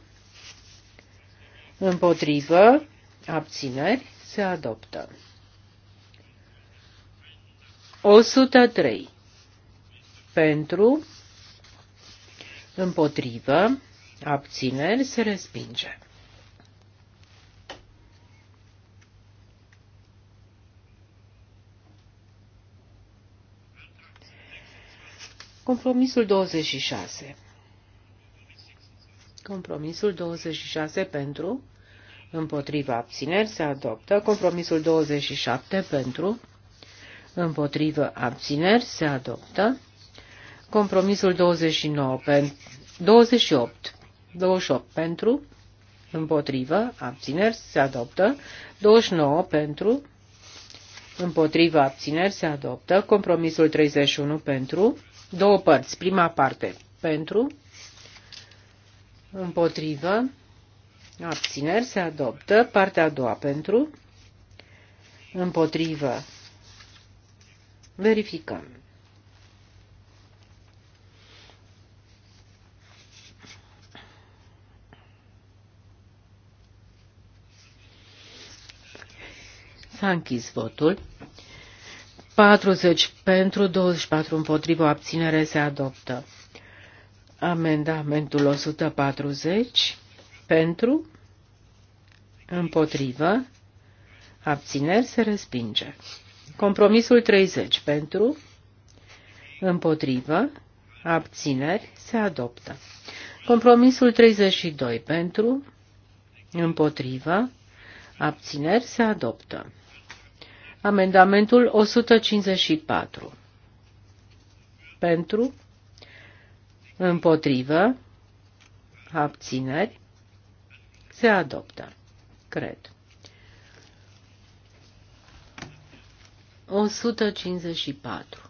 împotrivă abțineri se adoptă. 103 pentru, împotrivă, abțineri, se respinge. Compromisul 26. Compromisul 26 pentru, împotriva abțineri se adoptă. Compromisul 27 pentru, împotriva abțineri se adoptă. Compromisul 29 28. 28 pentru, împotrivă, abțineri, se adoptă. 29 pentru, împotrivă, abțineri, se adoptă. Compromisul 31 pentru, două părți, prima parte, pentru, împotrivă, abțineri, se adoptă. Partea a doua pentru, împotrivă, verificăm. S-a închis votul. 40 pentru, 24 împotrivă, abținere se adoptă. Amendamentul 140 pentru, împotrivă, abțineri se respinge. Compromisul 30 pentru, împotrivă, abțineri se adoptă. Compromisul 32 pentru, împotrivă, abțineri se adoptă. Amendamentul 154. Pentru, împotrivă, abțineri, se adoptă, cred. 154.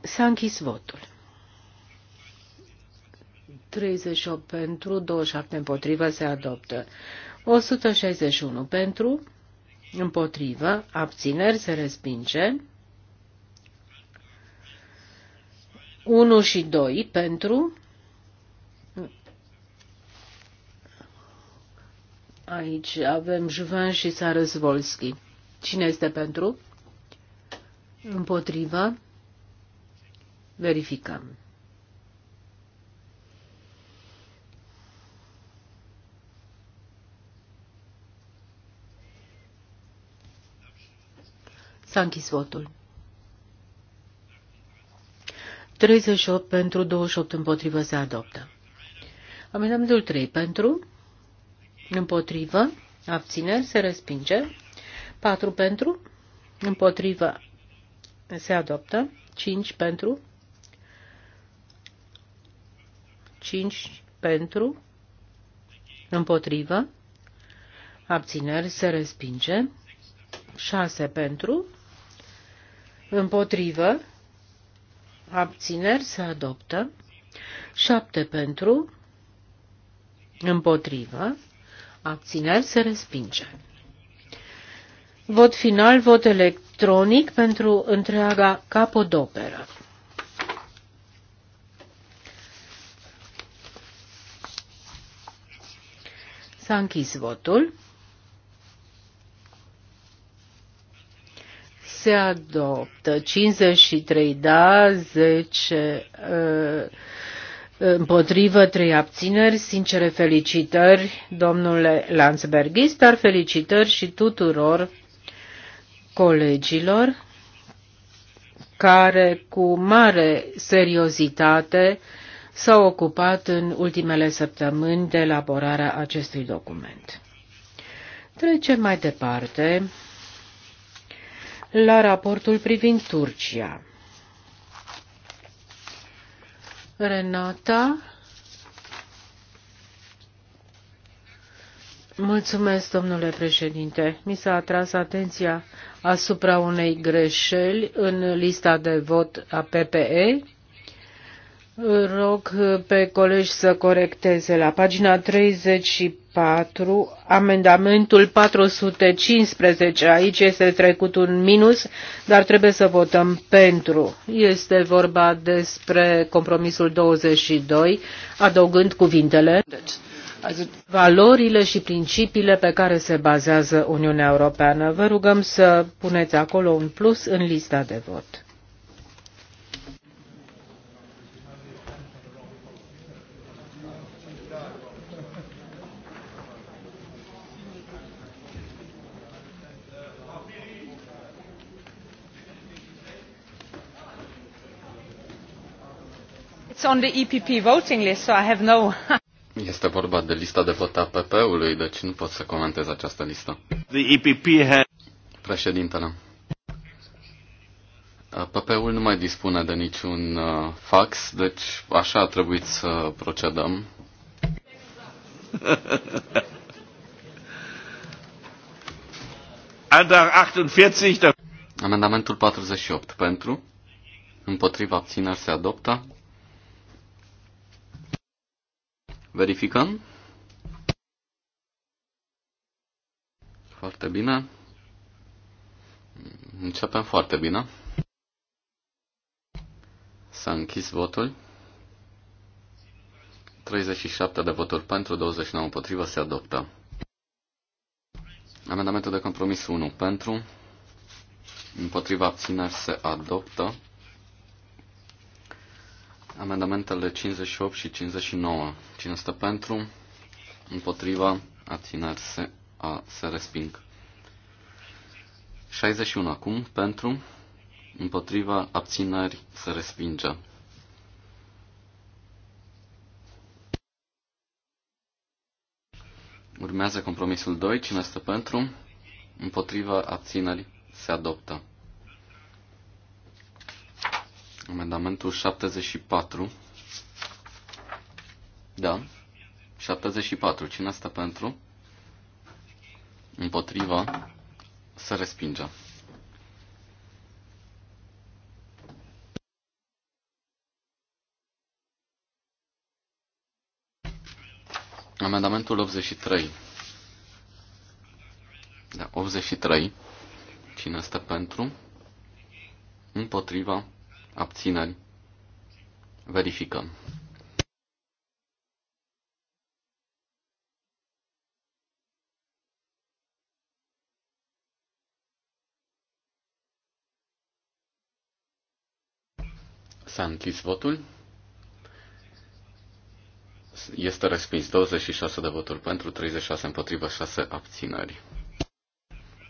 S-a închis votul. 38 pentru, 27 împotrivă se adoptă. 161 pentru, împotrivă, abțineri se respinge. 1 și 2 pentru. Aici avem Juven și Sarăzvolski. Cine este pentru? Împotrivă. Verificăm. S-a închis votul. 38 pentru, 28 împotrivă se adoptă. Amendamentul 3 pentru, împotrivă, abțineri, se respinge. 4 pentru, împotrivă, se adoptă. 5 pentru, 5 pentru, împotrivă, abțineri, se respinge. 6 pentru, împotrivă, abțineri se adoptă, 7 pentru, împotrivă, abțineri se respinge. Vot final, vot electronic pentru întreaga capodoperă. S-a închis votul. se adoptă. 53 da, 10 uh, împotrivă, 3 abțineri. Sincere felicitări, domnule Landsbergis, dar felicitări și tuturor colegilor care cu mare seriozitate s-au ocupat în ultimele săptămâni de elaborarea acestui document. Trecem mai departe la raportul privind Turcia. Renata. Mulțumesc, domnule președinte. Mi s-a atras atenția asupra unei greșeli în lista de vot a PPE rog pe colegi să corecteze. La pagina 34, amendamentul 415, aici este trecut un minus, dar trebuie să votăm pentru. Este vorba despre compromisul 22, adăugând cuvintele valorile și principiile pe care se bazează Uniunea Europeană. Vă rugăm să puneți acolo un plus în lista de vot. It's on the EPP voting list, so I have no... [laughs] Este vorba de lista de vot a PP-ului, deci nu pot să comentez această listă. The EPP has... Președintele. PP-ul nu mai dispune de niciun uh, fax, deci așa a trebuit să procedăm. [laughs] Da- Amendamentul 48 pentru. Împotriva abțineri se adoptă. Verificăm. Foarte bine. Începem foarte bine. S-a închis votul. 37 de voturi pentru, 29 împotrivă, se adoptă. Amendamentul de compromis 1 pentru, împotriva abțineri se adoptă. Amendamentele 58 și 59. Cine stă pentru? Împotriva? Abțineri se, a, se resping. 61 acum. Pentru? Împotriva? Abțineri se respinge. Urmează compromisul 2. Cine stă pentru? Împotriva? Abțineri se adoptă. Amendamentul 74. Da. 74. Cine asta pentru? Împotriva. să respingă. Amendamentul 83. Da, 83. Cine stă pentru? Împotriva. Abțineri. Verificăm. S-a închis votul. Este respins 26 de voturi pentru, 36 împotrivă, 6 abțineri.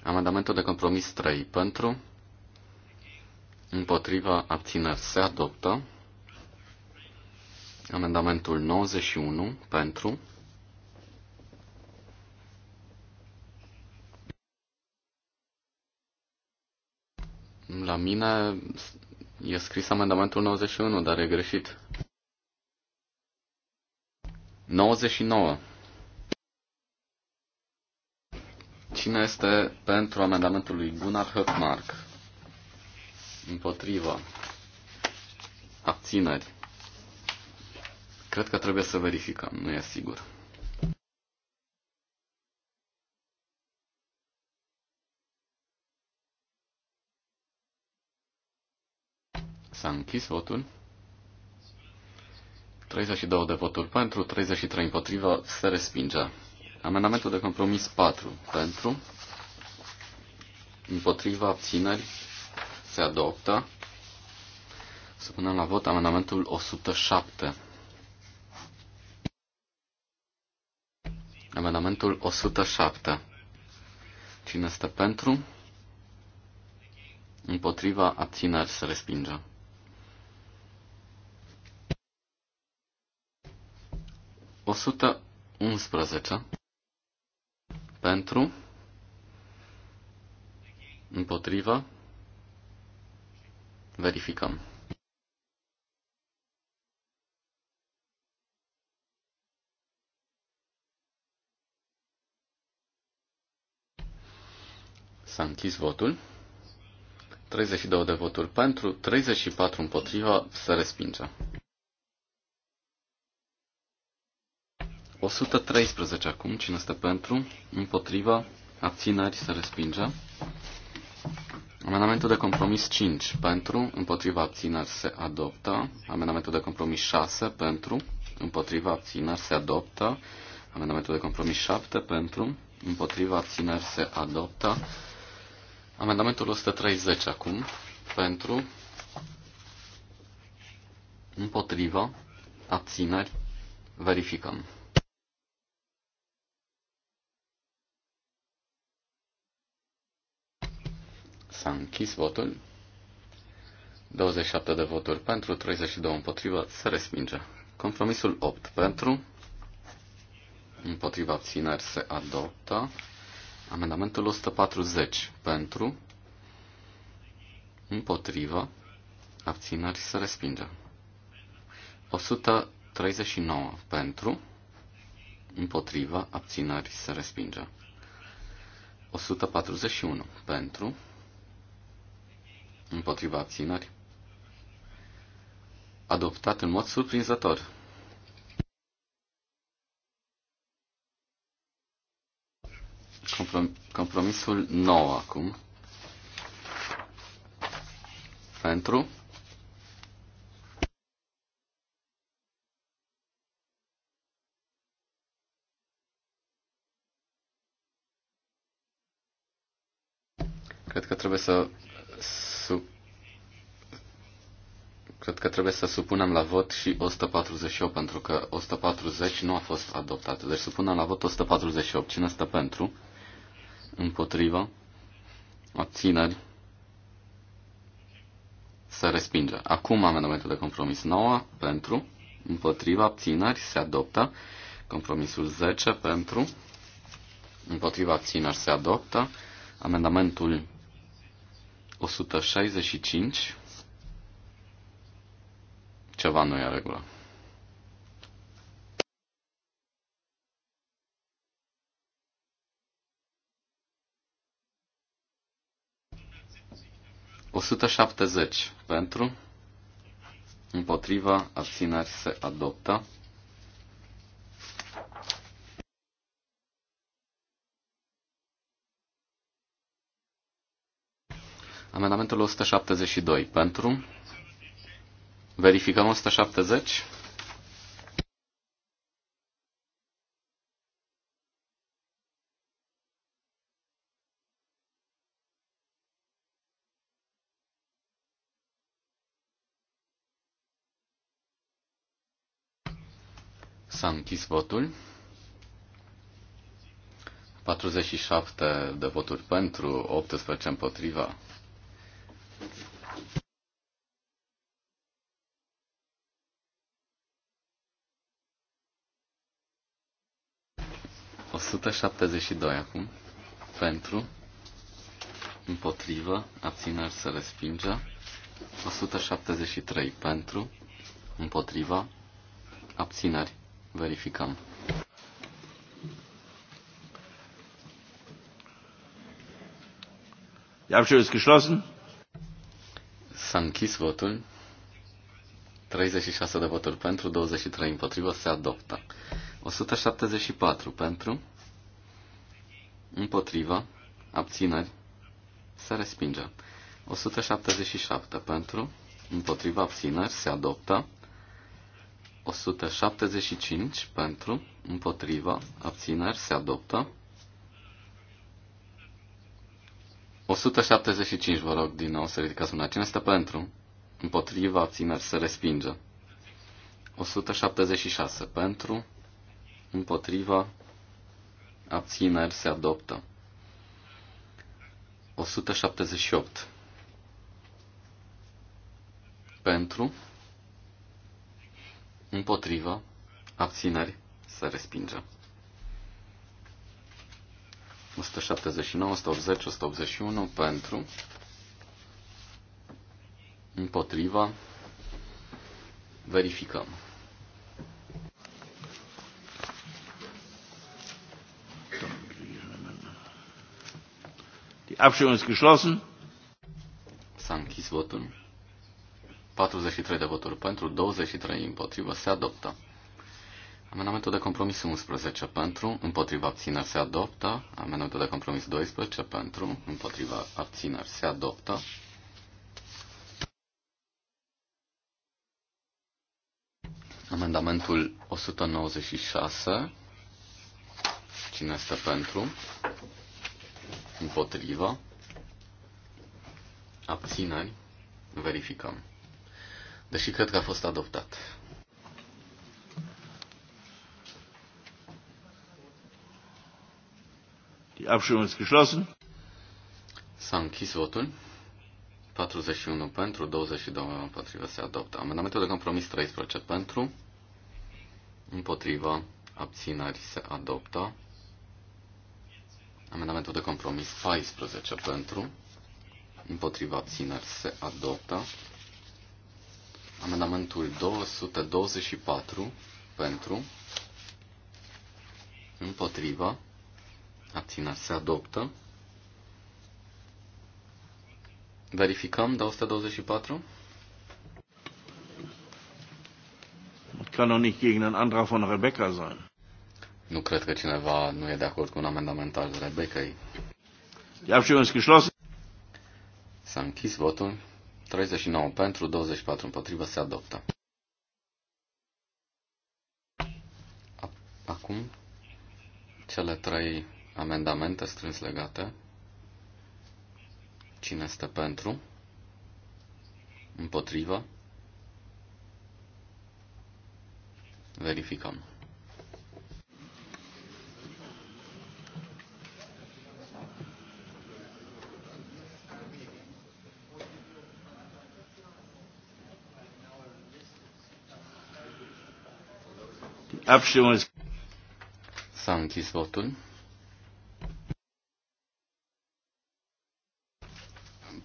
Amendamentul de compromis 3 pentru, împotriva abțineri se adoptă. Amendamentul 91 pentru. La mine e scris amendamentul 91, dar e greșit. 99. Cine este pentru amendamentul lui Gunnar Höckmark? împotriva abțineri. Cred că trebuie să verificăm, nu e sigur. S-a închis votul. 32 de voturi pentru, 33 împotriva, se respinge. Amendamentul de compromis 4 pentru, împotriva, abțineri, se adoptă. Să punem la vot amendamentul 107. Amendamentul 107. Cine este pentru? Împotriva abțineri se respinge. O sută unsprezece pentru împotriva Verificăm. S-a închis votul. 32 de voturi pentru, 34 împotriva, se respinge. 113 acum, cine este pentru, împotriva, abțineri, se respinge. Amendamentul de compromis 5 pentru, împotriva abțineri se adoptă. Amendamentul de compromis 6 pentru, împotriva abțineri se adoptă. Amendamentul de compromis 7 pentru, împotriva abțineri se adoptă. Amendamentul 130 acum pentru, împotriva abțineri verificăm. S-a închis votul. 27 de voturi pentru, 32 împotriva, se respinge. Compromisul 8 pentru, împotriva abțineri se adoptă. Amendamentul 140 pentru, împotriva, abțineri se respinge. 139 pentru, împotriva, abțineri se respinge. 141 pentru, împotriva abținări, adoptat în mod surprinzător. Compromisul nou acum. Pentru. Cred că trebuie să Cred că trebuie să supunem la vot și 148, pentru că 140 nu a fost adoptat. Deci supunem la vot 148. Cine stă pentru? Împotrivă? Abțineri? Se respinge. Acum amendamentul de compromis 9, pentru? Împotriva? Abțineri? Se adoptă. Compromisul 10, pentru? Împotriva? Abțineri? Se adoptă. Amendamentul 165 ceva nu e în regulă. O 170 pentru, împotriva, abțineri se adoptă. Amendamentul 172 pentru, Verificăm 170. S-a închis votul. 47 de voturi pentru, 18 împotriva, 172 acum. Pentru. Împotrivă. Abțineri să respingă. 173 pentru. Împotriva. Abțineri. Verificăm. Die am ist geschlossen. S-a închis votul. 36 de voturi pentru, 23 împotriva, se adoptă. 174 pentru, împotriva, abțineri, se respinge. 177 pentru, împotriva abțineri, se adoptă. 175 pentru, împotriva abțineri, se adoptă. 175, vă rog, din nou să ridicați mâna. Cine este pentru? Împotriva abțineri, se respinge. 176 pentru, împotriva, abțineri se adoptă. 178. Pentru, împotriva, abțineri se respinge. 179, 180, 181 pentru, împotriva, verificăm. Abstimmung ist geschlossen. S-a închis votul. 43 de voturi pentru, 23 împotrivă, se adoptă. Amendamentul de compromis 11 pentru, împotriva abțineri se adoptă. Amendamentul de compromis 12 pentru, împotriva abțineri se adoptă. Amendamentul 196. Cine este pentru? Împotrivă. Abțineri. Verificăm. Deși cred că a fost adoptat. Die Abstimmung ist geschlossen. S-a închis votul. 41 pentru, 22 împotrivă se adoptă. Amendamentul de compromis 13 pentru, împotriva, abțineri se adoptă. Amendamentul de compromis 14 pentru, împotriva abțineri se adoptă. Amendamentul 224 pentru, împotriva, abțineri se adoptă. Verificăm 224. Kann doch nicht gegen einen Antrag von Rebecca sein. Nu cred că cineva nu e de acord cu un amendament al Rebecăi. I-am și eu înscrișlos. S-a închis votul. 39 pentru, 24 împotrivă, se adoptă. Acum, cele trei amendamente strâns legate. Cine este pentru? Împotrivă? Verificăm. Abstimmung S-a închis votul.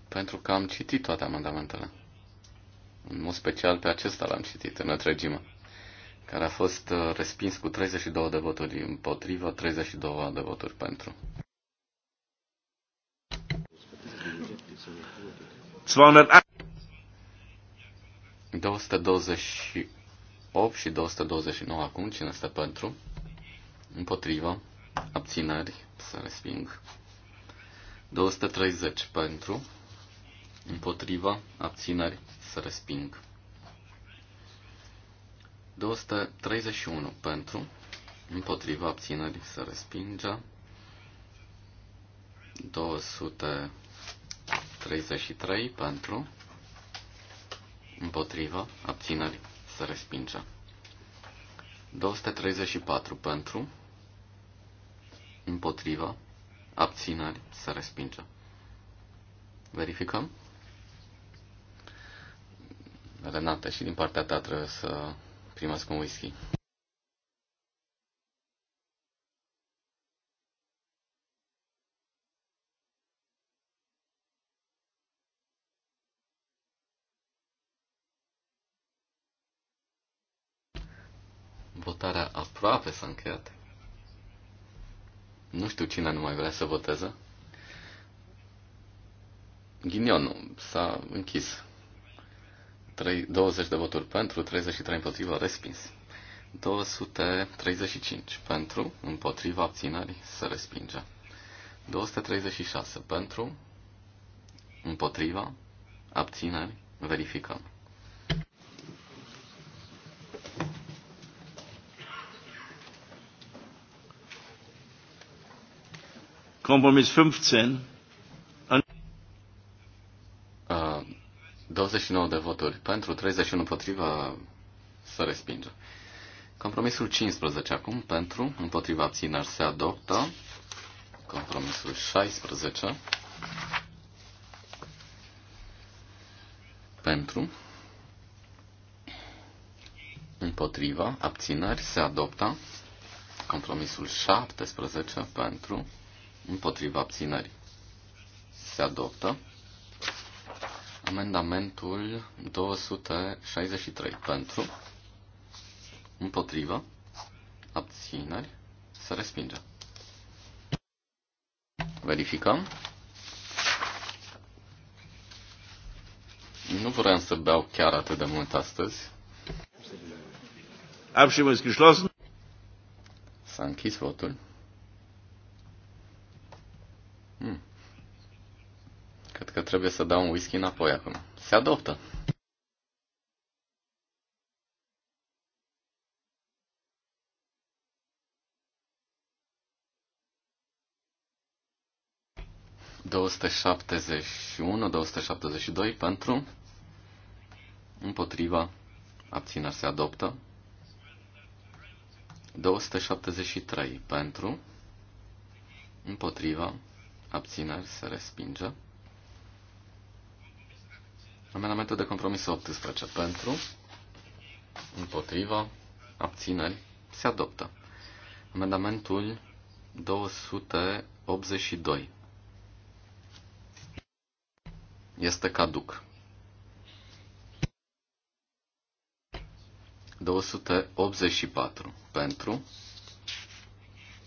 Pentru că am citit toate amendamentele. În mod special pe acesta l-am citit în întregime, care a fost uh, respins cu 32 de voturi împotriva, 32 de voturi pentru. 228. 8 și 229 acum. Cine stă pentru? Împotrivă. Abțineri. Să resping. 230 pentru. Împotriva. Abțineri. Să resping. 231 pentru. Împotriva. Abțineri. Să respinge. 233 pentru. Împotriva. Abțineri să respinge. 234 pentru, împotriva, abțineri, să respinge. Verificăm? Renate, și din partea ta trebuie să primesc un whisky. Poate s-a încheiat. Nu știu cine nu mai vrea să voteze. Ghinionul s-a închis. 3, 20 de voturi pentru, 33 împotriva, respins. 235 pentru, împotriva abținerii, se respinge. 236 pentru, împotriva, abțineri, verificăm. Kompromiss 15. An uh, 29 de voturi pentru, 31 împotriva, să respinge. Compromisul 15 acum pentru, împotriva abțineri se adoptă. Compromisul 16 pentru, împotriva, abțineri se adoptă. Compromisul 17 pentru, împotriva abținării. Se adoptă. Amendamentul 263 pentru, împotriva, abținări se respinge. Verificăm. Nu vreau să beau chiar atât de mult astăzi. Abstimmung ist geschlossen. S-a închis votul. trebuie să dau un whisky înapoi acum. Se adoptă. ...271-272 pentru, împotriva, abțineri se adoptă, 273 pentru, împotriva, abțineri se respinge, Amendamentul de compromis 18 pentru, împotriva, abțineri, se adoptă. Amendamentul 282 este caduc. 284 pentru,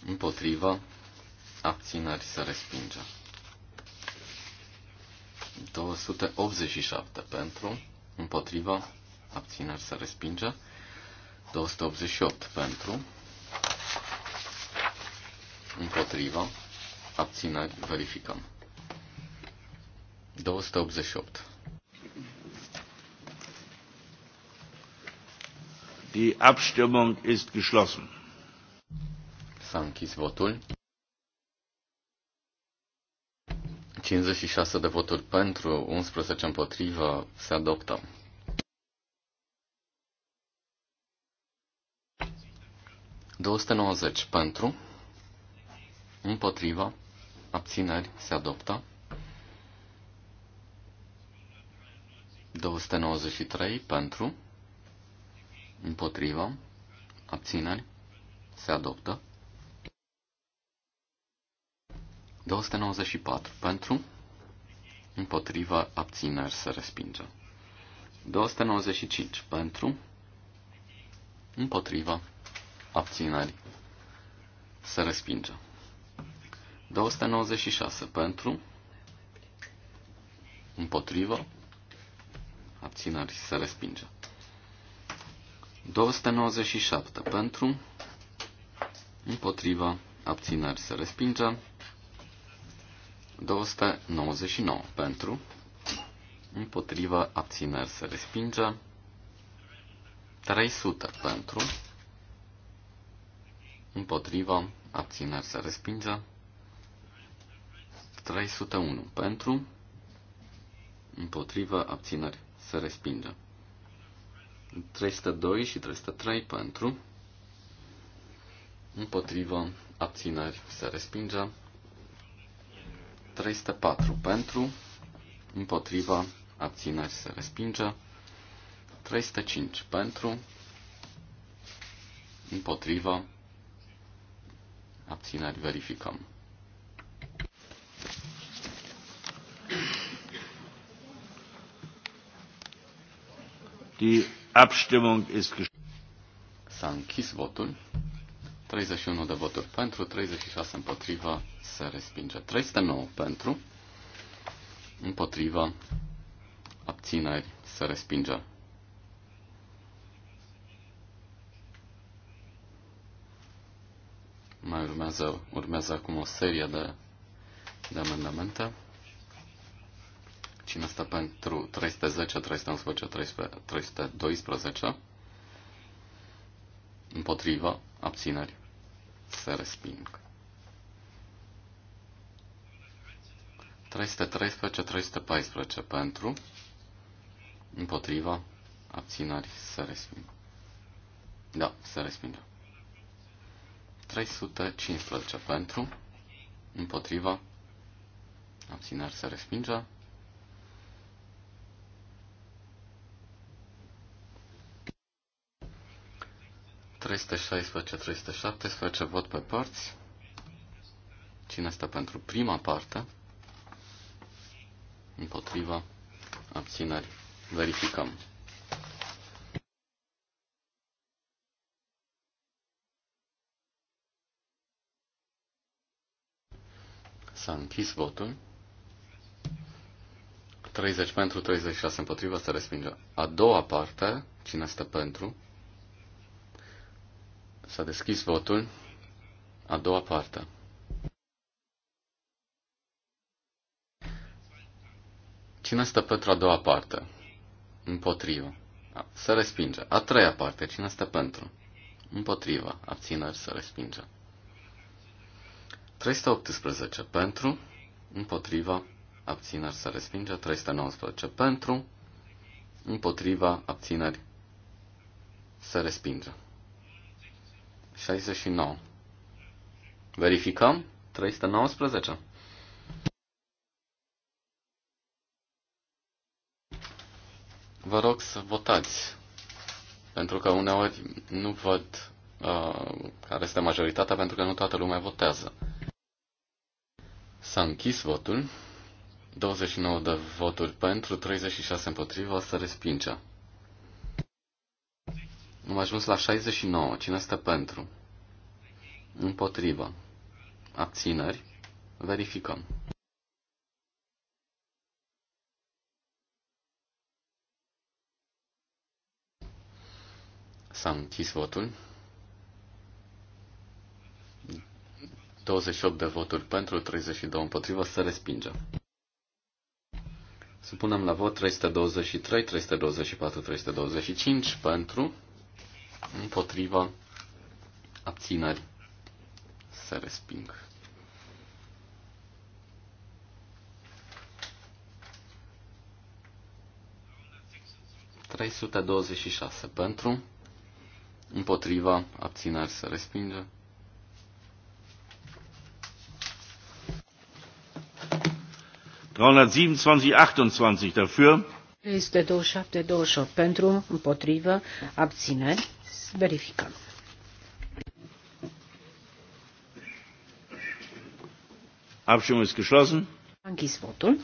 împotriva, abțineri se respinge. 287 pentru, împotriva, abțineri se respinge. 288 pentru, împotriva, abțineri verificăm. 288. Die Abstimmung ist geschlossen. S-a închis votul. 56 de voturi pentru, 11 împotrivă, se adoptă. ...290 pentru, împotriva, abțineri, se adoptă. 293 pentru, împotriva, abțineri, se adoptă. 294 pentru, împotriva abțineri se respinge. 295 pentru, împotriva abțineri se respinge. 296 pentru, împotriva abțineri se respinge. 297 pentru, împotriva abțineri se respinge. 299 pentru, împotriva abțineri se respinge, 300 pentru, împotriva abțineri se respinge, 301 pentru, împotriva abțineri se respinge, 302 și 303 pentru, împotriva abțineri se respinge, 304 pentru, împotriva, abțineri se respinge. 305 pentru, împotriva, abțineri verificăm. Die Abstimmung ist S-a închis votul. 31 de voturi pentru, 36 împotriva, se respinge. 309 pentru, împotriva, abțineri, se respinge. Mai urmează, urmează acum o serie de, de amendamente. Cine stă pentru 310, 311, 312? Împotriva, abțineri, se resping. 313-314 pentru, împotriva, abținări, se resping. Da, se respinge. 315 pentru, împotriva, abținări, se respinge. 316-317 vot pe părți. Cine stă pentru prima parte? Împotriva abțineri. Verificăm. S-a închis votul. 30 pentru, 36 împotriva, se respinge. A doua parte, cine stă pentru? S-a deschis votul. A doua parte. Cine stă pentru a doua parte? Împotrivă. Se respinge. A treia parte. Cine stă pentru? Împotrivă. Abțineri se respinge. 318 pentru, împotriva, abțineri se respinge, 319 pentru, împotriva, abțineri se respinge. 69. Verificăm. 319. Vă rog să votați, pentru că uneori nu văd uh, care este majoritatea, pentru că nu toată lumea votează. S-a închis votul. 29 de voturi pentru, 36 împotriva, Să respinge. Am ajuns la 69. Cine este pentru? Împotrivă. Abțineri. Verificăm. S-a închis votul. 28 de voturi pentru, 32 împotrivă, se respinge. Supunem la vot 323, 324, 325 pentru, împotriva abținării se resping. Trei sute douăzeci și șase pentru, împotriva, abțineri se respinge. 327, 28 douăzeci și 28 pentru, împotriva abțineri verificăm. Abstimmung ist geschlossen. A închis votul.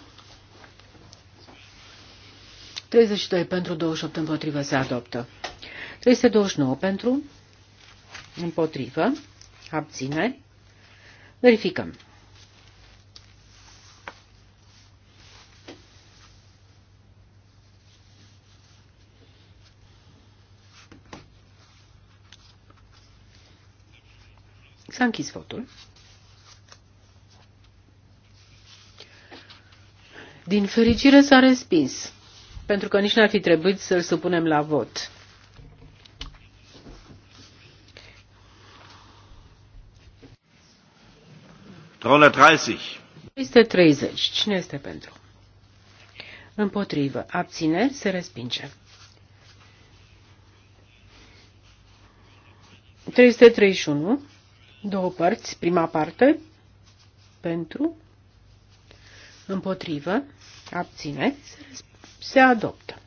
32 pentru, 28 împotrivă se adoptă. 329 pentru, împotrivă, abțineri. Verificăm. S-a închis votul. Din fericire s-a respins, pentru că nici n-ar fi trebuit să-l supunem la vot. Rolă 30. 330. Cine este pentru? Împotrivă. Abține. se respinge. 331 Două părți, prima parte, pentru, împotrivă, abține, se adoptă.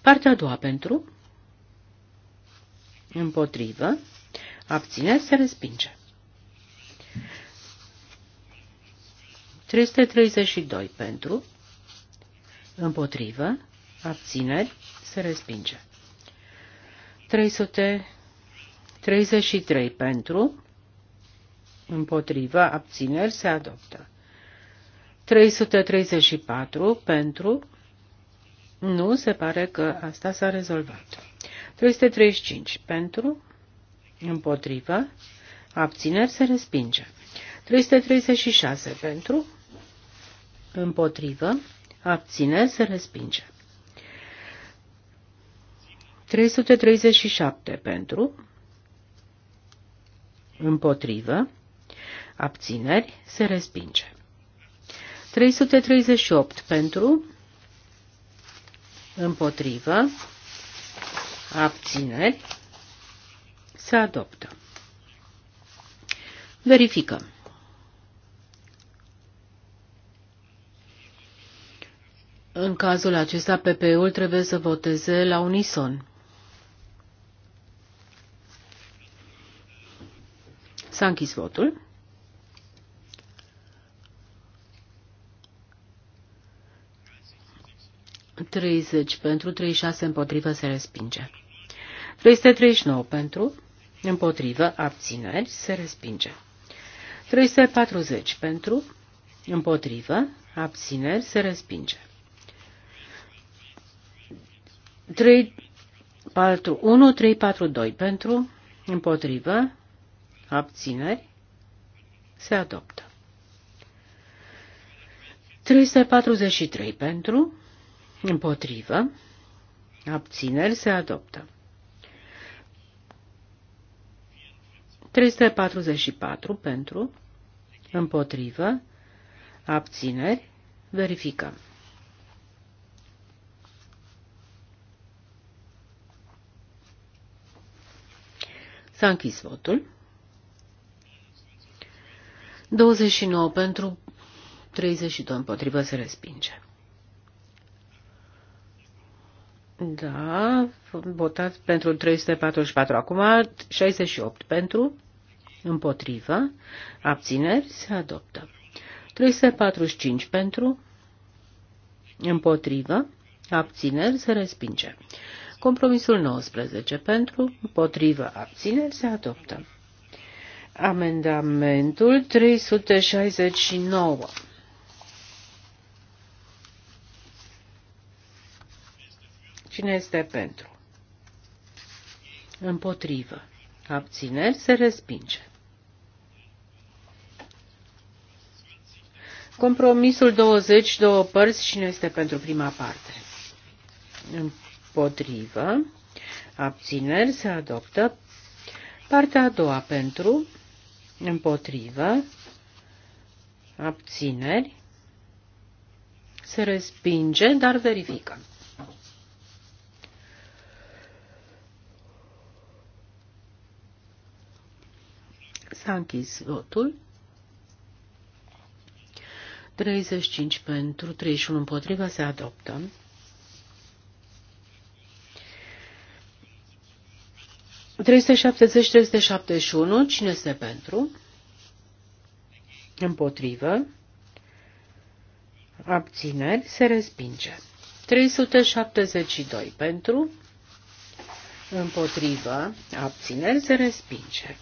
Partea a doua pentru, împotrivă, abține, se respinge. 332 pentru, împotrivă, abțineri, se respinge. 300 33 pentru, împotriva, abțineri, se adoptă. 334 pentru, nu, se pare că asta s-a rezolvat. 335 pentru, împotriva, abțineri, se respinge. 336 pentru, împotrivă, abțineri, se respinge. 337 pentru, Împotrivă. Abțineri. Se respinge. 338 pentru. Împotrivă. Abțineri. Se adoptă. Verificăm. În cazul acesta, PP-ul trebuie să voteze la unison. S-a închis votul. Treizeci pentru, 36 împotrivă se respinge. 339 pentru, împotrivă, abțineri, se respinge. 340 pentru, împotrivă, abțineri, se respinge. 3, 4, 1, 3, 4, 2 pentru, împotrivă, abțineri, se adoptă. 343 pentru, împotrivă, abțineri, se adoptă. 344 pentru, împotrivă, abțineri, verificăm. S-a închis votul. 29 pentru 32 împotrivă se respinge. Da, votat pentru 344 acum, 68 pentru, împotrivă, abțineri, se adoptă. 345 pentru, împotrivă, abțineri, se respinge. Compromisul 19 pentru, împotrivă, abțineri, se adoptă. Amendamentul 369. Cine este pentru? Împotrivă. Abțineri se respinge. Compromisul 20, două părți, cine este pentru prima parte? Împotrivă. Abțineri se adoptă. Partea a doua pentru, împotrivă, abțineri, se respinge, dar verificăm. S-a închis votul. 35 pentru, 31 împotrivă, se adoptă. 370-371, cine este pentru? Împotrivă. Abțineri, se respinge. 372 pentru, împotrivă, abțineri, se respinge.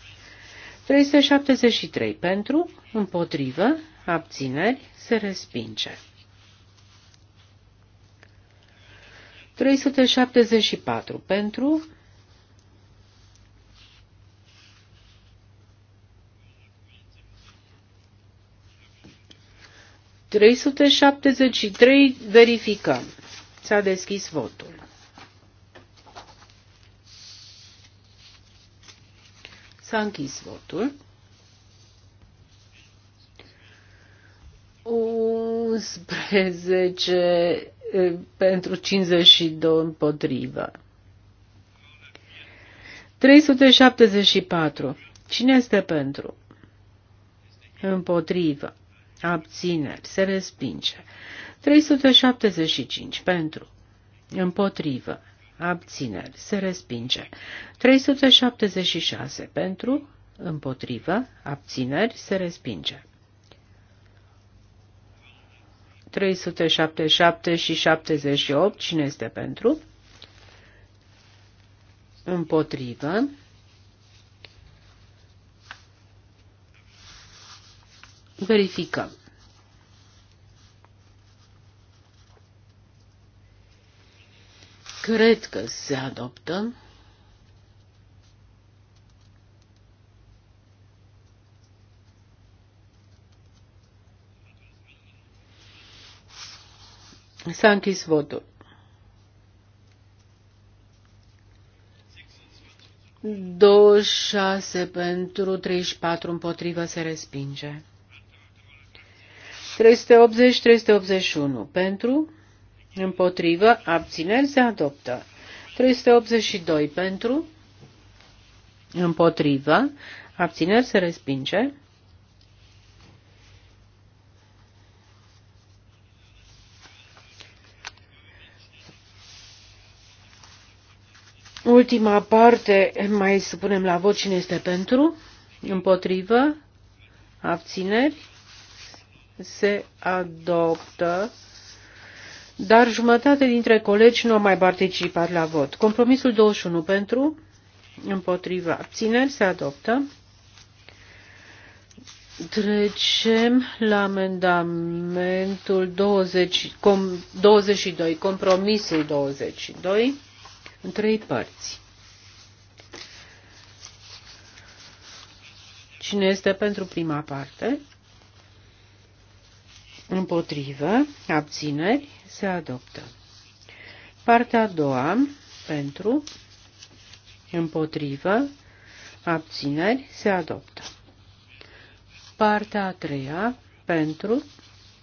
373 pentru, împotrivă, abțineri, se respinge. 374 pentru, 373 verificăm. S-a deschis votul. S-a închis votul. 11 pentru 52 împotrivă. 374. Cine este pentru? Împotrivă abțineri, se respinge. 375 pentru, împotrivă, abțineri, se respinge. 376 pentru, împotrivă, abțineri, se respinge. 377 și 78, cine este pentru? Împotrivă, Verificăm. Cred că se adoptă. S-a închis votul. 26 pentru 34 împotrivă se respinge. 380-381 pentru, împotrivă, abțineri se adoptă. 382 pentru, împotrivă, abțineri se respinge. Ultima parte, mai supunem la vot cine este pentru, împotrivă, abțineri, se adoptă, dar jumătate dintre colegi nu au mai participat la vot. Compromisul 21 pentru, împotriva abțineri se adoptă. Trecem la amendamentul 20, com, 22, compromisul 22, în trei părți. Cine este pentru prima parte? împotrivă, abțineri, se adoptă. Partea a doua, pentru, împotrivă, abțineri, se adoptă. Partea a treia, pentru,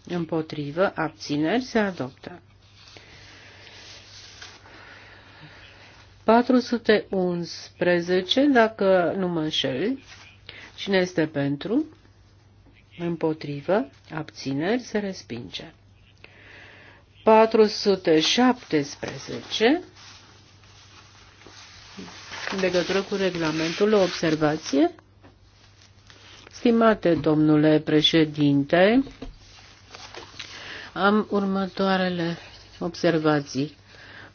împotrivă, abțineri, se adoptă. 411, dacă nu mă înșel, cine este pentru? împotrivă, abțineri, se respinge. 417 în legătură cu regulamentul o observație? Stimate domnule președinte, am următoarele observații.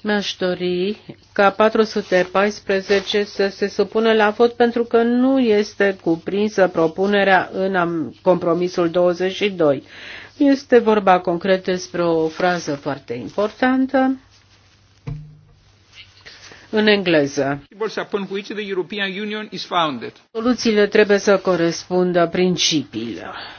Mi-aș dori ca 414 să se supună la vot pentru că nu este cuprinsă propunerea în compromisul 22. Este vorba concret despre o frază foarte importantă în engleză. Soluțiile trebuie să corespundă principiilor.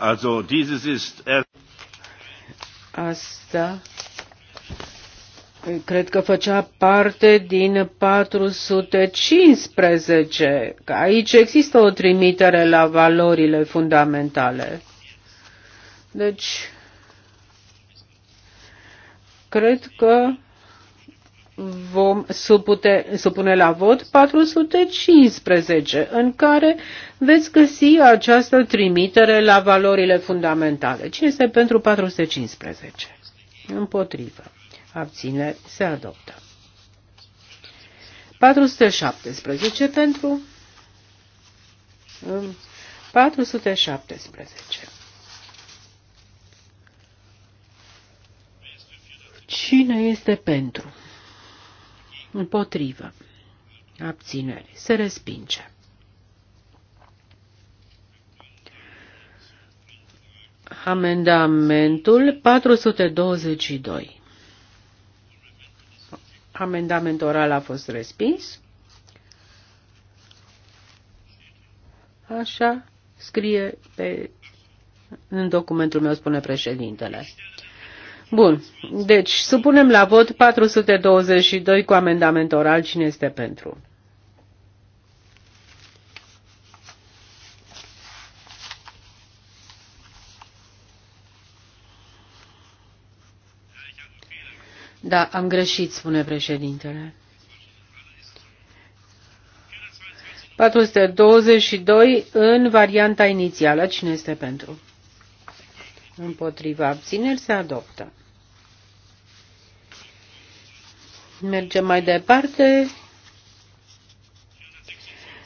Also dieses ist er- Asta cred că făcea parte din 415. Aici există o trimitere la valorile fundamentale. Deci, cred că vom supute, supune la vot 415, în care veți găsi această trimitere la valorile fundamentale. Cine este pentru 415? Împotrivă. Abțineri se adoptă. 417 pentru 417. Cine este pentru? Împotrivă. Abținere. Se respinge. Amendamentul 422. Amendamentul oral a fost respins. Așa scrie pe, în documentul meu, spune președintele. Bun. Deci, supunem la vot 422 cu amendament oral. Cine este pentru? Da, am greșit, spune președintele. 422 în varianta inițială. Cine este pentru? Împotriva abțineri se adoptă. Mergem mai departe.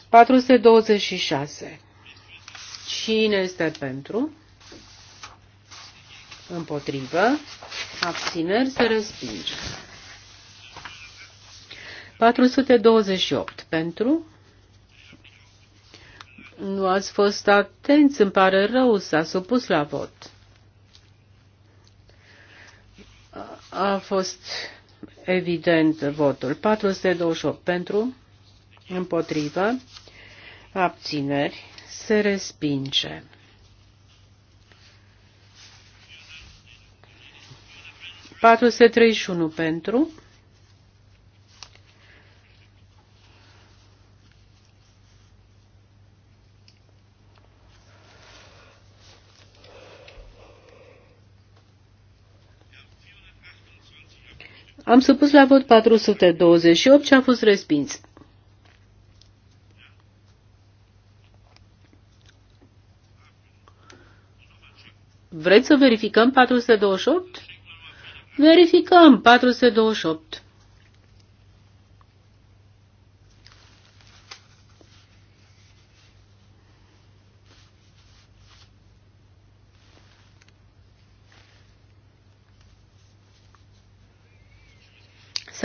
426. Cine este pentru? Împotrivă. Abțineri se respinge. 428. Pentru? Nu ați fost atenți, îmi pare rău, s-a supus la vot. A fost evident votul. 428 pentru, împotrivă, abțineri, se respinge. patru se pentru Am supus la vot 428 și a fost respins. Vreți să verificăm 428? Verificăm 428.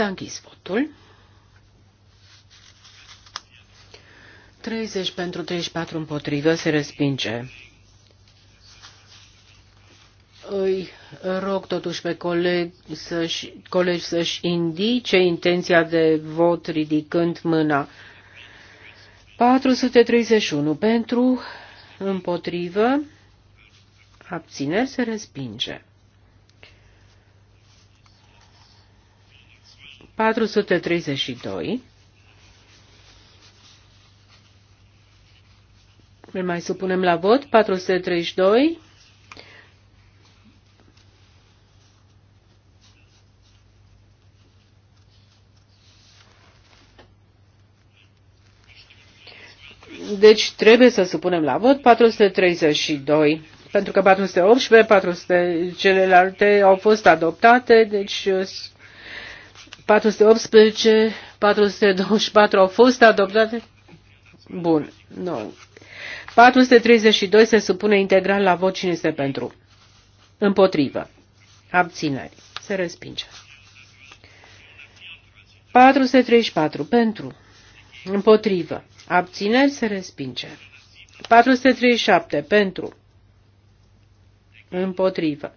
Să închis votul. 30 pentru 34 împotrivă se respinge. Îi rog totuși pe colegi să-și, colegi să-și indice intenția de vot ridicând mâna. 431 pentru, împotrivă, abțineri se respinge. 432. Îl mai supunem la vot. 432. Deci trebuie să supunem la vot 432, pentru că 418, 400, celelalte au fost adoptate, deci 418, 424 au fost adoptate? Bun. Nu. 432 se supune integral la vot cine este pentru. Împotrivă. Abțineri. Se respinge. 434 pentru. Împotrivă. Abțineri se respinge. 437 pentru. Împotrivă.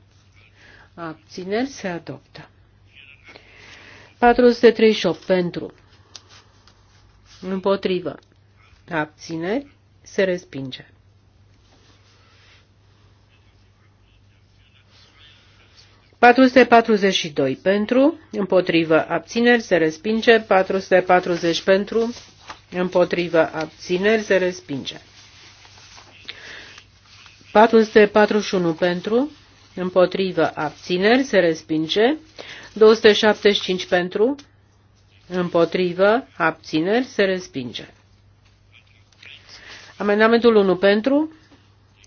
Abțineri se adoptă. 438 pentru. Împotrivă. Abțineri. Se respinge. doi pentru, împotrivă abțineri, se respinge, 440 pentru, împotrivă abțineri, se respinge. 441 pentru, împotrivă abțineri, se respinge, 275 pentru, împotrivă, abțineri, se respinge. Amendamentul 1 pentru,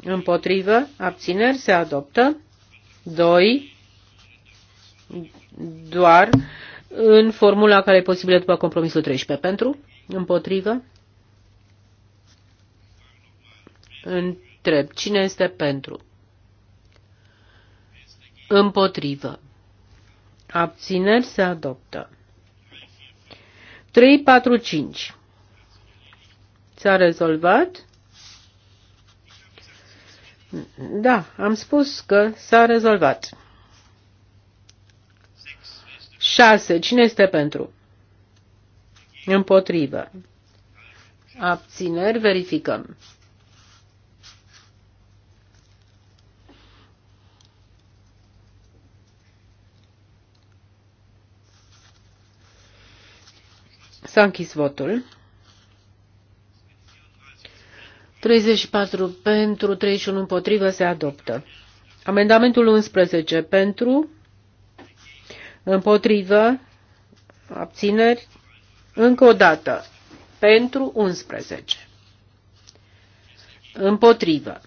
împotrivă, abțineri, se adoptă. 2. Doar în formula care e posibilă după compromisul 13 pentru, împotrivă. Întreb, cine este pentru? Împotrivă. Abțineri se adoptă. 3, 4, 5. S-a rezolvat? Da, am spus că s-a rezolvat. 6. Cine este pentru? Împotrivă. Abțineri verificăm. S-a închis votul. 34 pentru, 31 împotrivă se adoptă. Amendamentul 11 pentru, împotrivă, abțineri, încă o dată, pentru 11. Împotrivă.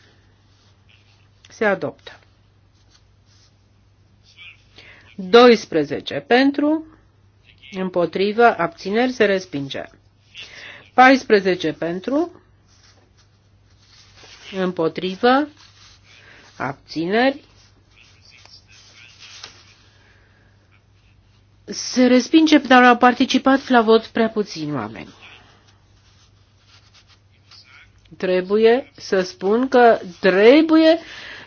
Se adoptă. 12 pentru, împotrivă, abțineri, se respinge. 14 pentru, împotrivă, abțineri, se respinge, dar au participat la vot prea puțini oameni. Trebuie să spun că trebuie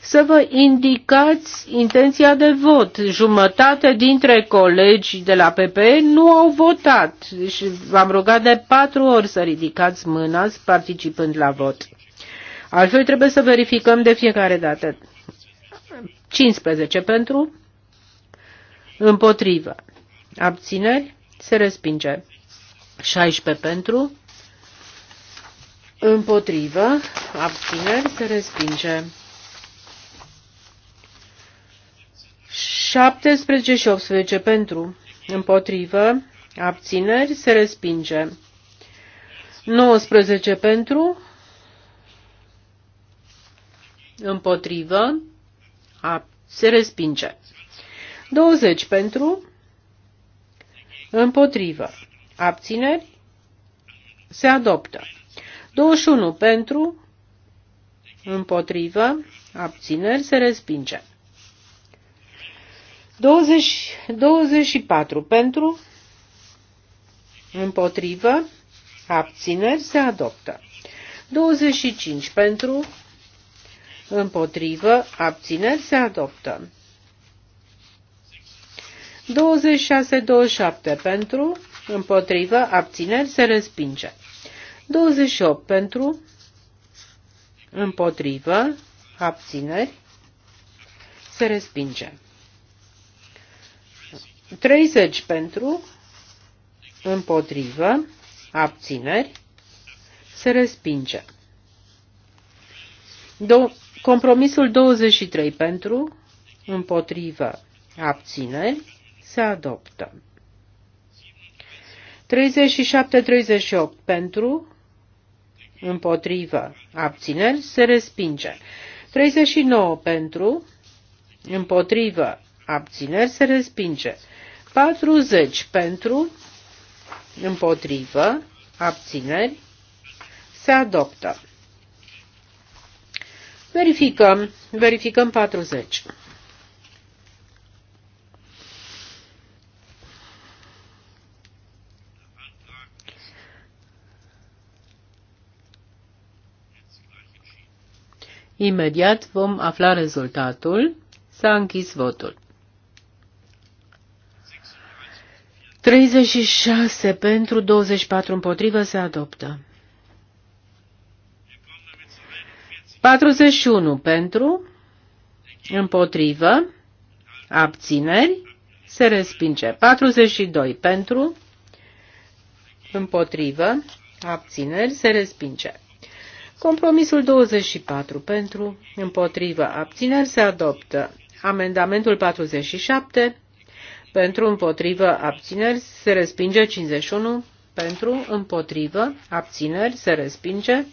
să vă indicați intenția de vot. Jumătate dintre colegi de la PP nu au votat și v-am rugat de patru ori să ridicați mâna participând la vot. Altfel trebuie să verificăm de fiecare dată. 15 pentru, împotrivă, abțineri, se respinge. 16 pentru, împotrivă, abțineri, se respinge. 17 și 18 pentru, împotrivă, abțineri, se respinge. 19 pentru, împotrivă, ab, se respinge. 20 pentru, împotrivă, abțineri, se adoptă. 21 pentru, împotrivă, abțineri, se respinge. 20, 24 pentru, împotrivă, abțineri, se adoptă. 25 pentru, împotrivă, abțineri, se adoptă. 26-27 pentru, împotrivă, abțineri, se respinge. 28 pentru, împotrivă, abțineri, se respinge. 30 pentru, împotrivă, abțineri, se respinge. Do compromisul 23 pentru, împotrivă, abțineri, se adoptă. 37-38 pentru, împotrivă, abțineri, se respinge. 39 pentru, împotrivă, abțineri, se respinge. 40 pentru, împotrivă, abțineri, se adoptă. Verificăm, verificăm 40. Imediat vom afla rezultatul. S-a închis votul. 36 pentru 24 împotrivă se adoptă. 41 pentru împotrivă abțineri se respinge. 42 pentru împotrivă abțineri se respinge. Compromisul 24 pentru împotrivă abțineri se adoptă. Amendamentul 47 pentru împotrivă abțineri se respinge 51 pentru împotrivă abțineri se respinge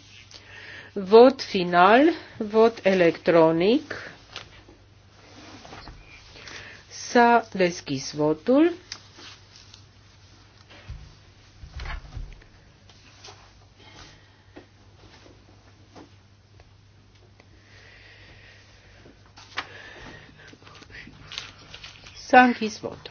vot final vot electronic s-a deschis votul S-a închis votul.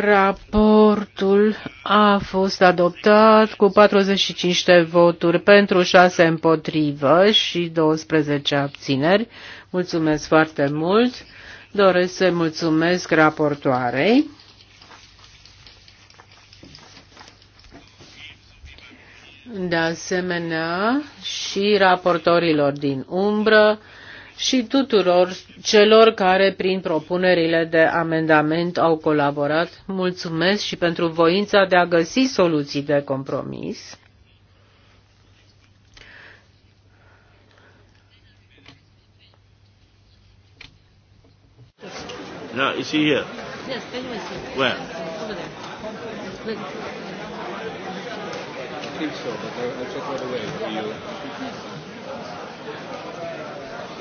Raportul a fost adoptat cu 45 de voturi pentru 6 împotrivă și 12 abțineri. Mulțumesc foarte mult. Doresc să mulțumesc raportoarei. De asemenea și raportorilor din umbră, și tuturor celor care prin propunerile de amendament au colaborat. Mulțumesc și pentru voința de a găsi soluții de compromis. Now, is he here? Yes, Benjamin is Where? Over there. Look. I think so, but I'll check right away for you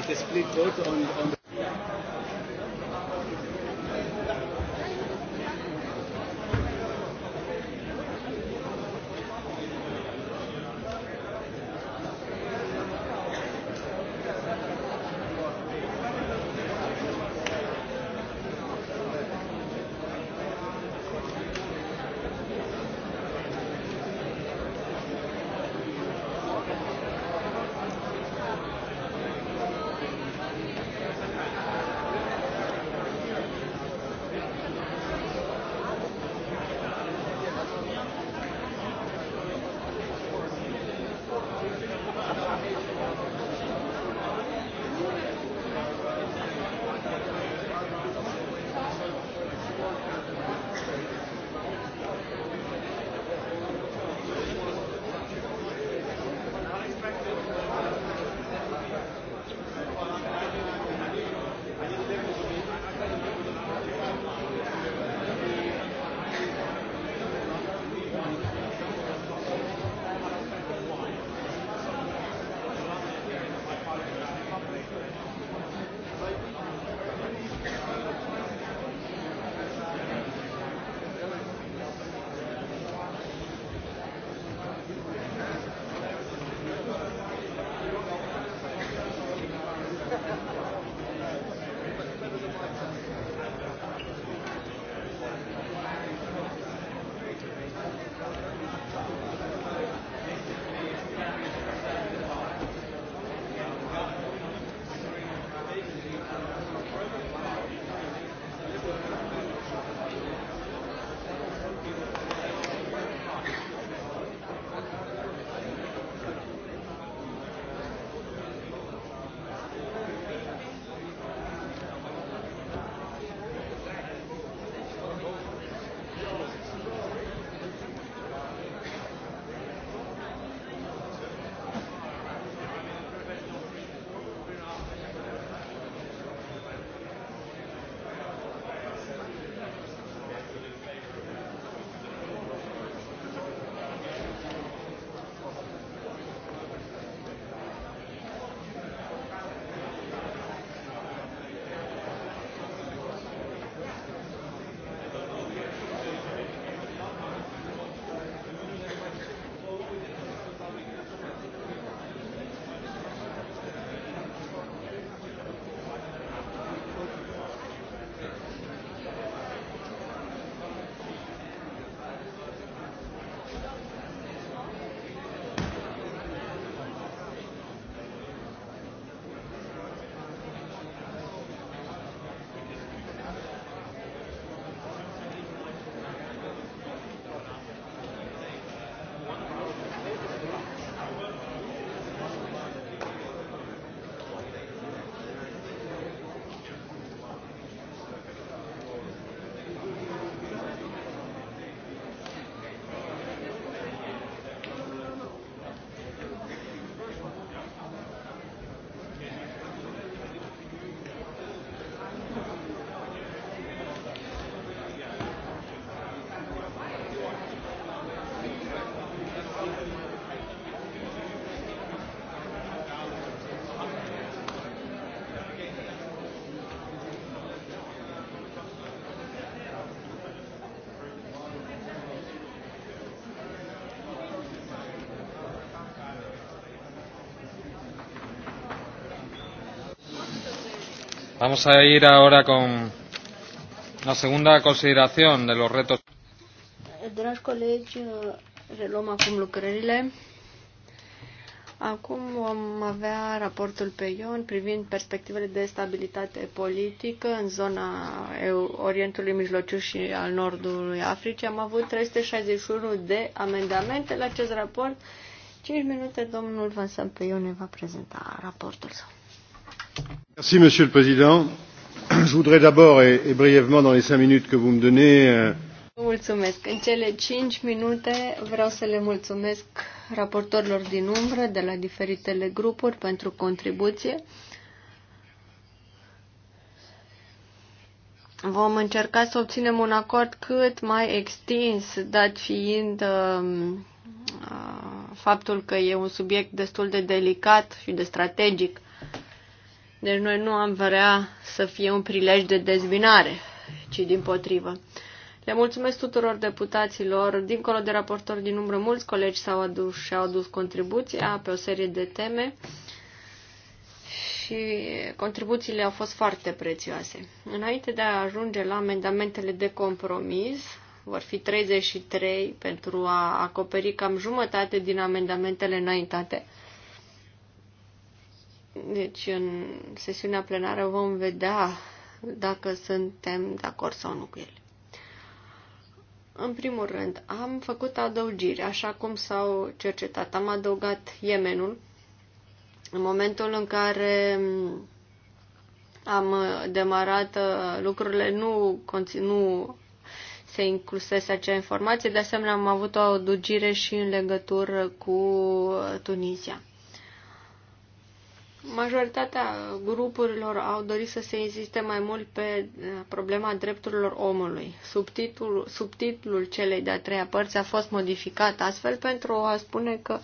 the split vote on the Vamos a ir ahora con la segunda consideración de los retos. Dragi colegi, reluăm acum lucrările. Acum vom avea raportul pe Ion privind perspectivele de stabilitate politică în zona Orientului Mijlociu și al Nordului Africii. Am avut 361 de amendamente la acest raport. 5 minute, domnul Vansan Peion ne va prezenta raportul său. Monsieur le Président. Je voudrais d'abord et, brièvement dans les cinq minutes que vous me donnez. Euh, mulțumesc. În cele 5 minute să le mulțumesc raportorilor din umbră de la diferitele grupuri pentru contribuție. Vom încerca să obținem un acord cât mai extins, dat fiind um, uh, faptul că e un subiect destul de delicat și de strategic. Deci noi nu am vrea să fie un prilej de dezbinare, ci din potrivă. Le mulțumesc tuturor deputaților, dincolo de raportori din umbră, mulți colegi s-au adus și au adus contribuția pe o serie de teme și contribuțiile au fost foarte prețioase. Înainte de a ajunge la amendamentele de compromis, vor fi 33 pentru a acoperi cam jumătate din amendamentele înaintate. Deci, în sesiunea plenară vom vedea dacă suntem de acord sau nu cu ele. În primul rând, am făcut adăugiri, așa cum s-au cercetat. Am adăugat Yemenul în momentul în care am demarat uh, lucrurile, nu, nu se inclusese acea informație. De asemenea, am avut o adugire și în legătură cu Tunisia. Majoritatea grupurilor au dorit să se insiste mai mult pe eh, problema drepturilor omului. Subtitlul, subtitlul celei de-a treia părți a fost modificat astfel pentru a spune că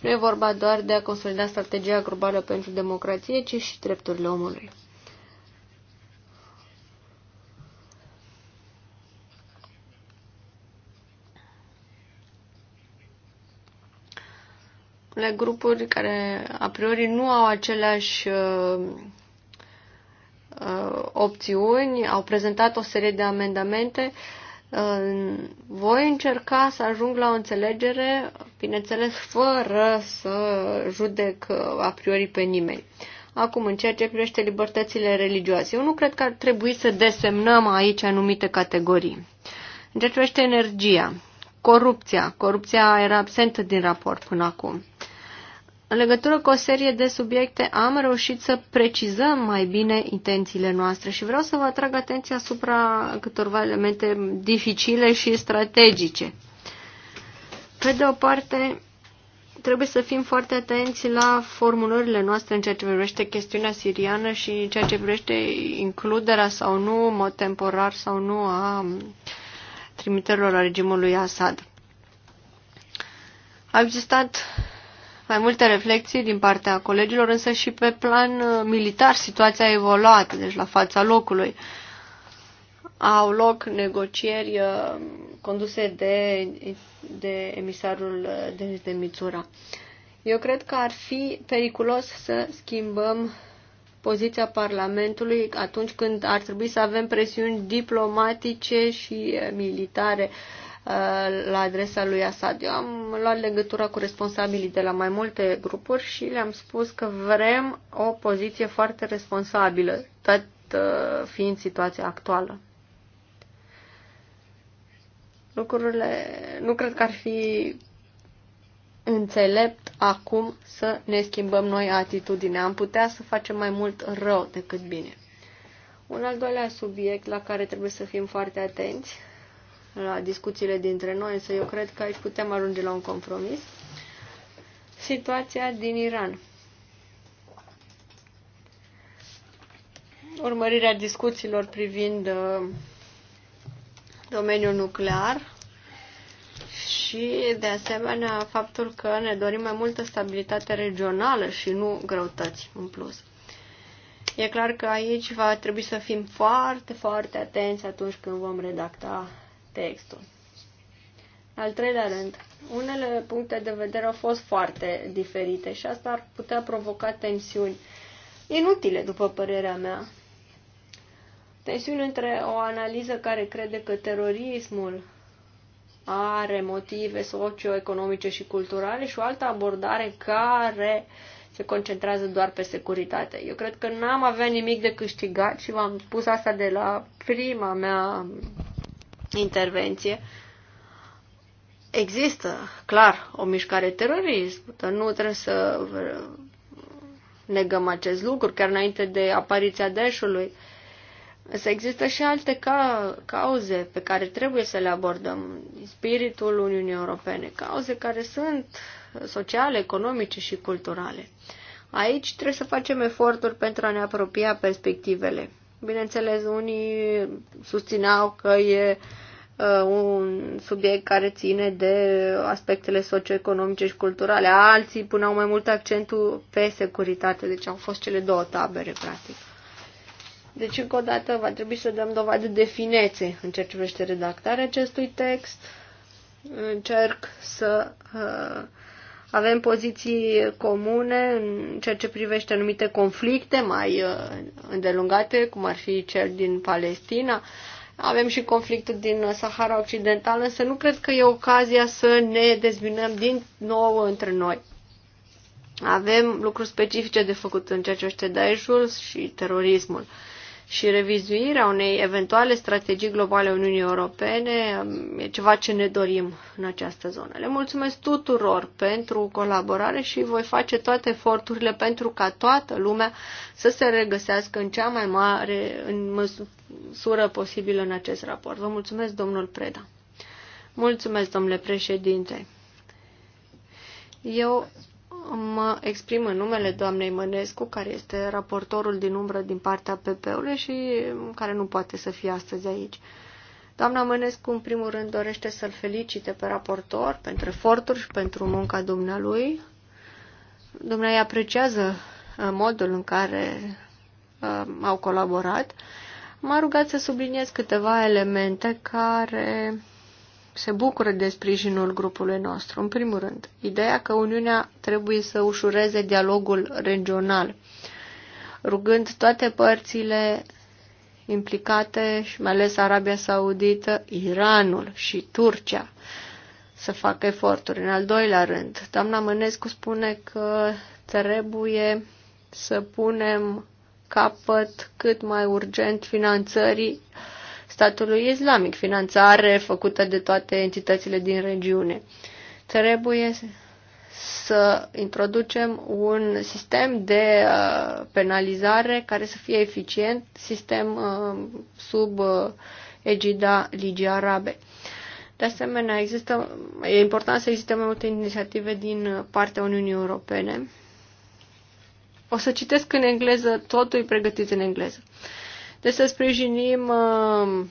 nu e vorba doar de a consolida strategia globală pentru democrație, ci și drepturile omului. unele grupuri care a priori nu au aceleași uh, uh, opțiuni, au prezentat o serie de amendamente. Uh, voi încerca să ajung la o înțelegere, bineînțeles, fără să judec uh, a priori pe nimeni. Acum, în ceea ce privește libertățile religioase, eu nu cred că ar trebui să desemnăm aici anumite categorii. În ceea ce privește energia, corupția. Corupția era absentă din raport până acum. În legătură cu o serie de subiecte am reușit să precizăm mai bine intențiile noastre și vreau să vă atrag atenția asupra câtorva elemente dificile și strategice. Pe de o parte, trebuie să fim foarte atenți la formulările noastre în ceea ce privește chestiunea siriană și în ceea ce privește includerea sau nu, în mod temporar sau nu, a trimiterilor a regimului Assad. Au existat mai multe reflexii din partea colegilor, însă și pe plan uh, militar situația a evoluat, deci la fața locului. Au loc negocieri uh, conduse de, de emisarul uh, Denis de Mitsura. Eu cred că ar fi periculos să schimbăm poziția Parlamentului atunci când ar trebui să avem presiuni diplomatice și militare uh, la adresa lui Assad. Eu am luat legătura cu responsabilii de la mai multe grupuri și le-am spus că vrem o poziție foarte responsabilă, tot uh, fiind situația actuală. Lucrurile nu cred că ar fi înțelept acum să ne schimbăm noi atitudinea. Am putea să facem mai mult rău decât bine. Un al doilea subiect la care trebuie să fim foarte atenți la discuțiile dintre noi, însă eu cred că aici putem ajunge la un compromis. Situația din Iran. Urmărirea discuțiilor privind uh, domeniul nuclear și, de asemenea, faptul că ne dorim mai multă stabilitate regională și nu greutăți în plus. E clar că aici va trebui să fim foarte, foarte atenți atunci când vom redacta textul. Al treilea rând, unele puncte de vedere au fost foarte diferite și asta ar putea provoca tensiuni inutile, după părerea mea. Tensiuni între o analiză care crede că terorismul are motive socioeconomice și culturale și o altă abordare care se concentrează doar pe securitate. Eu cred că n-am avea nimic de câștigat și v-am spus asta de la prima mea intervenție, există, clar, o mișcare teroristă. Nu trebuie să negăm acest lucru, chiar înainte de apariția Deșului. să Însă există și alte ca, cauze pe care trebuie să le abordăm în spiritul Uniunii Europene, cauze care sunt sociale, economice și culturale. Aici trebuie să facem eforturi pentru a ne apropia perspectivele Bineînțeles, unii susțineau că e uh, un subiect care ține de aspectele socioeconomice și culturale. Alții puneau mai mult accentul pe securitate, deci au fost cele două tabere, practic. Deci, încă o dată, va trebui să dăm dovadă de finețe în ceea ce privește redactarea acestui text. Încerc să uh, avem poziții comune în ceea ce privește anumite conflicte mai uh, îndelungate, cum ar fi cel din Palestina. Avem și conflictul din Sahara Occidentală, însă nu cred că e ocazia să ne dezbinăm din nou între noi. Avem lucruri specifice de făcut în ceea ce este Daeshul și terorismul și revizuirea unei eventuale strategii globale a Uniunii Europene um, e ceva ce ne dorim în această zonă. Le mulțumesc tuturor pentru colaborare și voi face toate eforturile pentru ca toată lumea să se regăsească în cea mai mare în măsură posibilă în acest raport. Vă mulțumesc, domnul Preda. Mulțumesc, domnule președinte. Eu mă exprim în numele doamnei Mănescu, care este raportorul din umbră din partea PP-ului și mm, care nu poate să fie astăzi aici. Doamna Mănescu, în primul rând, dorește să-l felicite pe raportor pentru eforturi și pentru munca dumnealui. Dumnealui apreciază uh, modul în care uh, au colaborat. M-a rugat să subliniez câteva elemente care se bucură de sprijinul grupului nostru. În primul rând, ideea că Uniunea trebuie să ușureze dialogul regional, rugând toate părțile implicate, și mai ales Arabia Saudită, Iranul și Turcia, să facă eforturi. În al doilea rând, doamna Mănescu spune că trebuie să punem capăt cât mai urgent finanțării uh, statului islamic, finanțare făcută de toate entitățile din regiune. Trebuie să introducem un sistem de uh, penalizare care să fie eficient, sistem uh, sub uh, egida Ligii Arabe. De asemenea, există, e important să existe mai multe inițiative din partea Uniunii Europene. O să citesc în engleză, totul e pregătit în engleză. Uh, deci să sprijinim uh,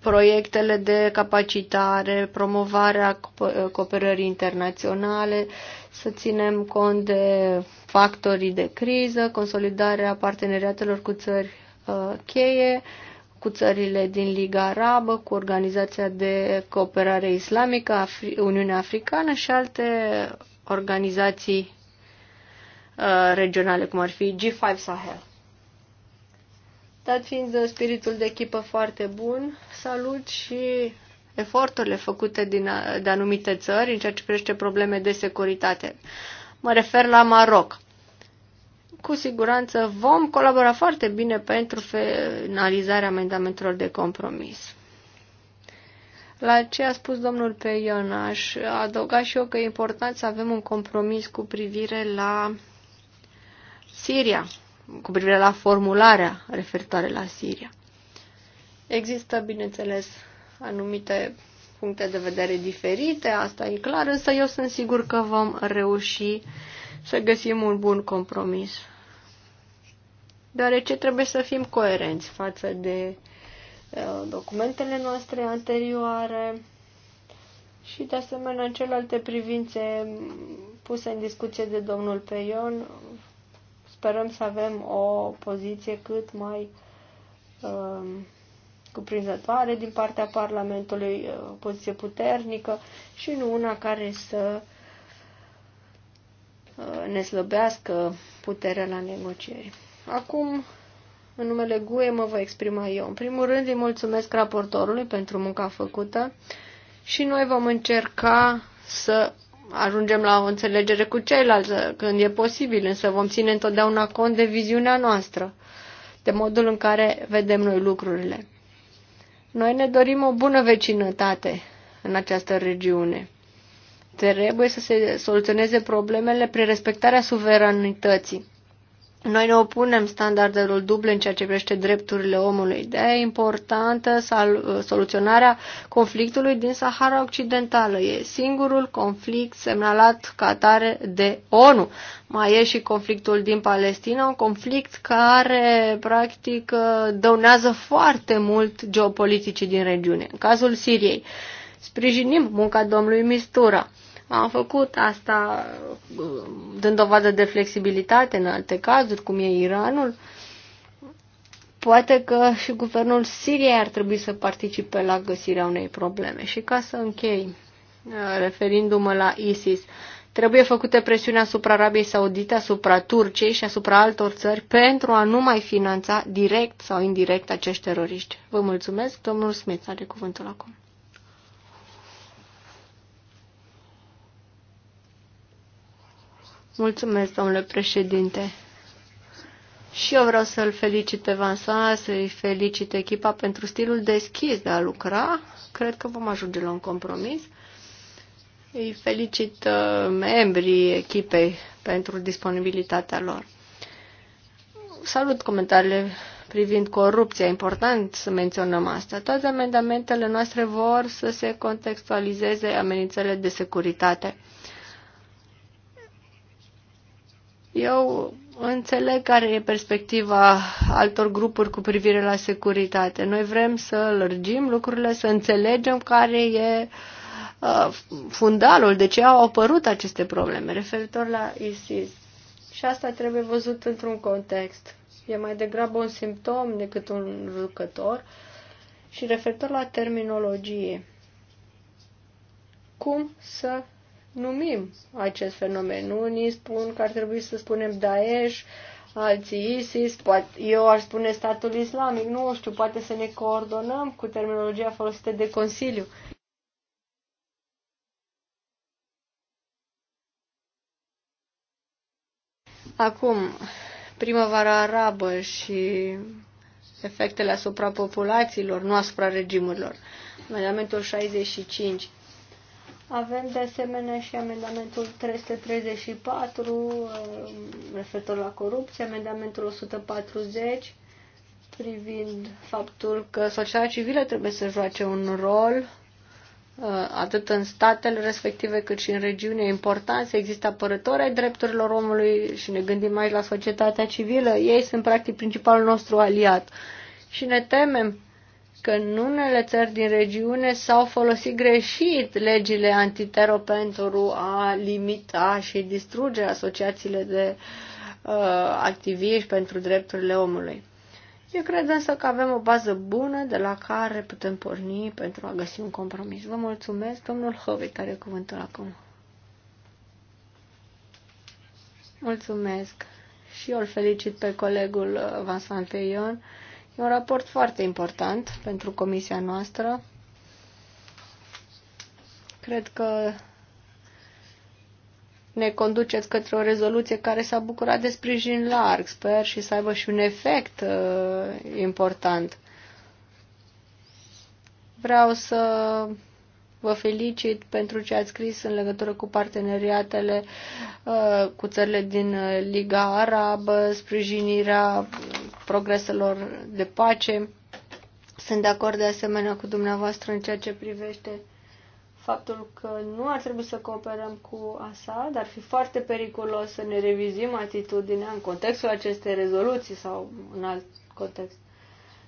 proiectele de capacitare, promovarea uh, cooperării internaționale, să ținem cont de factorii de criză, consolidarea parteneriatelor cu țări uh, cheie, cu țările din Liga Arabă, cu Organizația de Cooperare Islamică, Uniunea Africană și alte organizații regionale, cum ar fi G5 Sahel. Dat fiind spiritul de echipă foarte bun, salut și eforturile făcute din, de anumite țări în ceea ce privește probleme de securitate. Mă refer la Maroc. Cu siguranță vom colabora foarte bine pentru finalizarea amendamentelor de compromis. La ce a spus domnul Peion, aș adăuga și eu că e important să avem un compromis cu privire la Siria cu privire la formularea referitoare la Siria. Există, bineînțeles, anumite puncte de vedere diferite, asta e clar, însă eu sunt sigur că vom reuși să găsim un bun compromis. Deoarece trebuie să fim coerenți față de uh, documentele noastre anterioare și de asemenea în celelalte privințe puse în discuție de domnul Peion sperăm să avem o poziție cât mai uh, cuprinzătoare din partea Parlamentului, uh, o poziție puternică și nu una care să uh, ne slăbească puterea la negocieri. Acum, în numele GUE mă voi exprima eu. În primul rând îi mulțumesc raportorului pentru munca făcută și noi vom încerca să ajungem la o înțelegere cu ceilalți când e posibil, însă vom ține întotdeauna cont de viziunea noastră, de modul în care vedem noi lucrurile. Noi ne dorim o bună vecinătate în această regiune. Trebuie să se soluționeze problemele prin respectarea suveranității. Noi ne opunem standardelor duble în ceea ce privește drepturile omului. De e importantă soluționarea conflictului din Sahara Occidentală. E singurul conflict semnalat ca atare de ONU. Mai e și conflictul din Palestina, un conflict care practic dăunează foarte mult geopoliticii din regiune. În cazul Siriei, sprijinim munca domnului Mistura am făcut asta uh, dând dovadă de flexibilitate în alte cazuri, cum e Iranul. Poate că și guvernul Siriei ar trebui să participe la găsirea unei probleme. Și ca să închei, uh, referindu-mă la ISIS, trebuie făcute presiune asupra Arabiei Saudite, asupra Turciei și asupra altor țări pentru a nu mai finanța direct sau indirect acești teroriști. Vă mulțumesc. Domnul Smith are cuvântul acum. Mulțumesc, domnule președinte. Și eu vreau să-l felicit pe Vansa, să-i felicit echipa pentru stilul deschis de a lucra. Cred că vom ajunge la un compromis. Îi felicit uh, membrii echipei pentru disponibilitatea lor. Salut comentariile privind corupția. Important să menționăm asta. Toate amendamentele noastre vor să se contextualizeze amenințele de securitate Eu înțeleg care e perspectiva altor grupuri cu privire la securitate. Noi vrem să lărgim lucrurile, să înțelegem care e uh, fundalul, de ce au apărut aceste probleme referitor la ISIS. Și asta trebuie văzut într-un context. E mai degrabă un simptom decât un jucător. Și referitor la terminologie, cum să numim acest fenomen. Unii spun că ar trebui să spunem Daesh, alții ISIS, poate, eu aș spune statul islamic, nu știu, poate să ne coordonăm cu terminologia folosită de Consiliu. Acum, primăvara arabă și efectele asupra populațiilor, nu asupra regimurilor. Amendamentul 65 avem de asemenea și amendamentul 334 uh, referitor la corupție, amendamentul 140 privind faptul că societatea civilă trebuie să joace un rol uh, atât în statele respective cât și în regiune important să există apărători ai drepturilor omului și ne gândim mai la societatea civilă. Ei sunt practic principalul nostru aliat și ne temem că în unele țări din regiune s-au folosit greșit legile antitero pentru a limita și distruge asociațiile de uh, activiști pentru drepturile omului. Eu cred însă că avem o bază bună de la care putem porni pentru a găsi un compromis. Vă mulțumesc, domnul Hovei, care cuvântul acum. Mulțumesc și eu îl felicit pe colegul uh, Vincent Peion E un raport foarte important pentru comisia noastră. Cred că ne conduceți către o rezoluție care s-a bucurat de sprijin larg, sper, și să aibă și un efect uh, important. Vreau să Vă felicit pentru ce ați scris în legătură cu parteneriatele uh, cu țările din uh, Liga Arabă, sprijinirea progreselor de pace. Sunt de acord de asemenea cu dumneavoastră în ceea ce privește faptul că nu ar trebui să cooperăm cu Assad, ar fi foarte periculos să ne revizim atitudinea în contextul acestei rezoluții sau în alt context.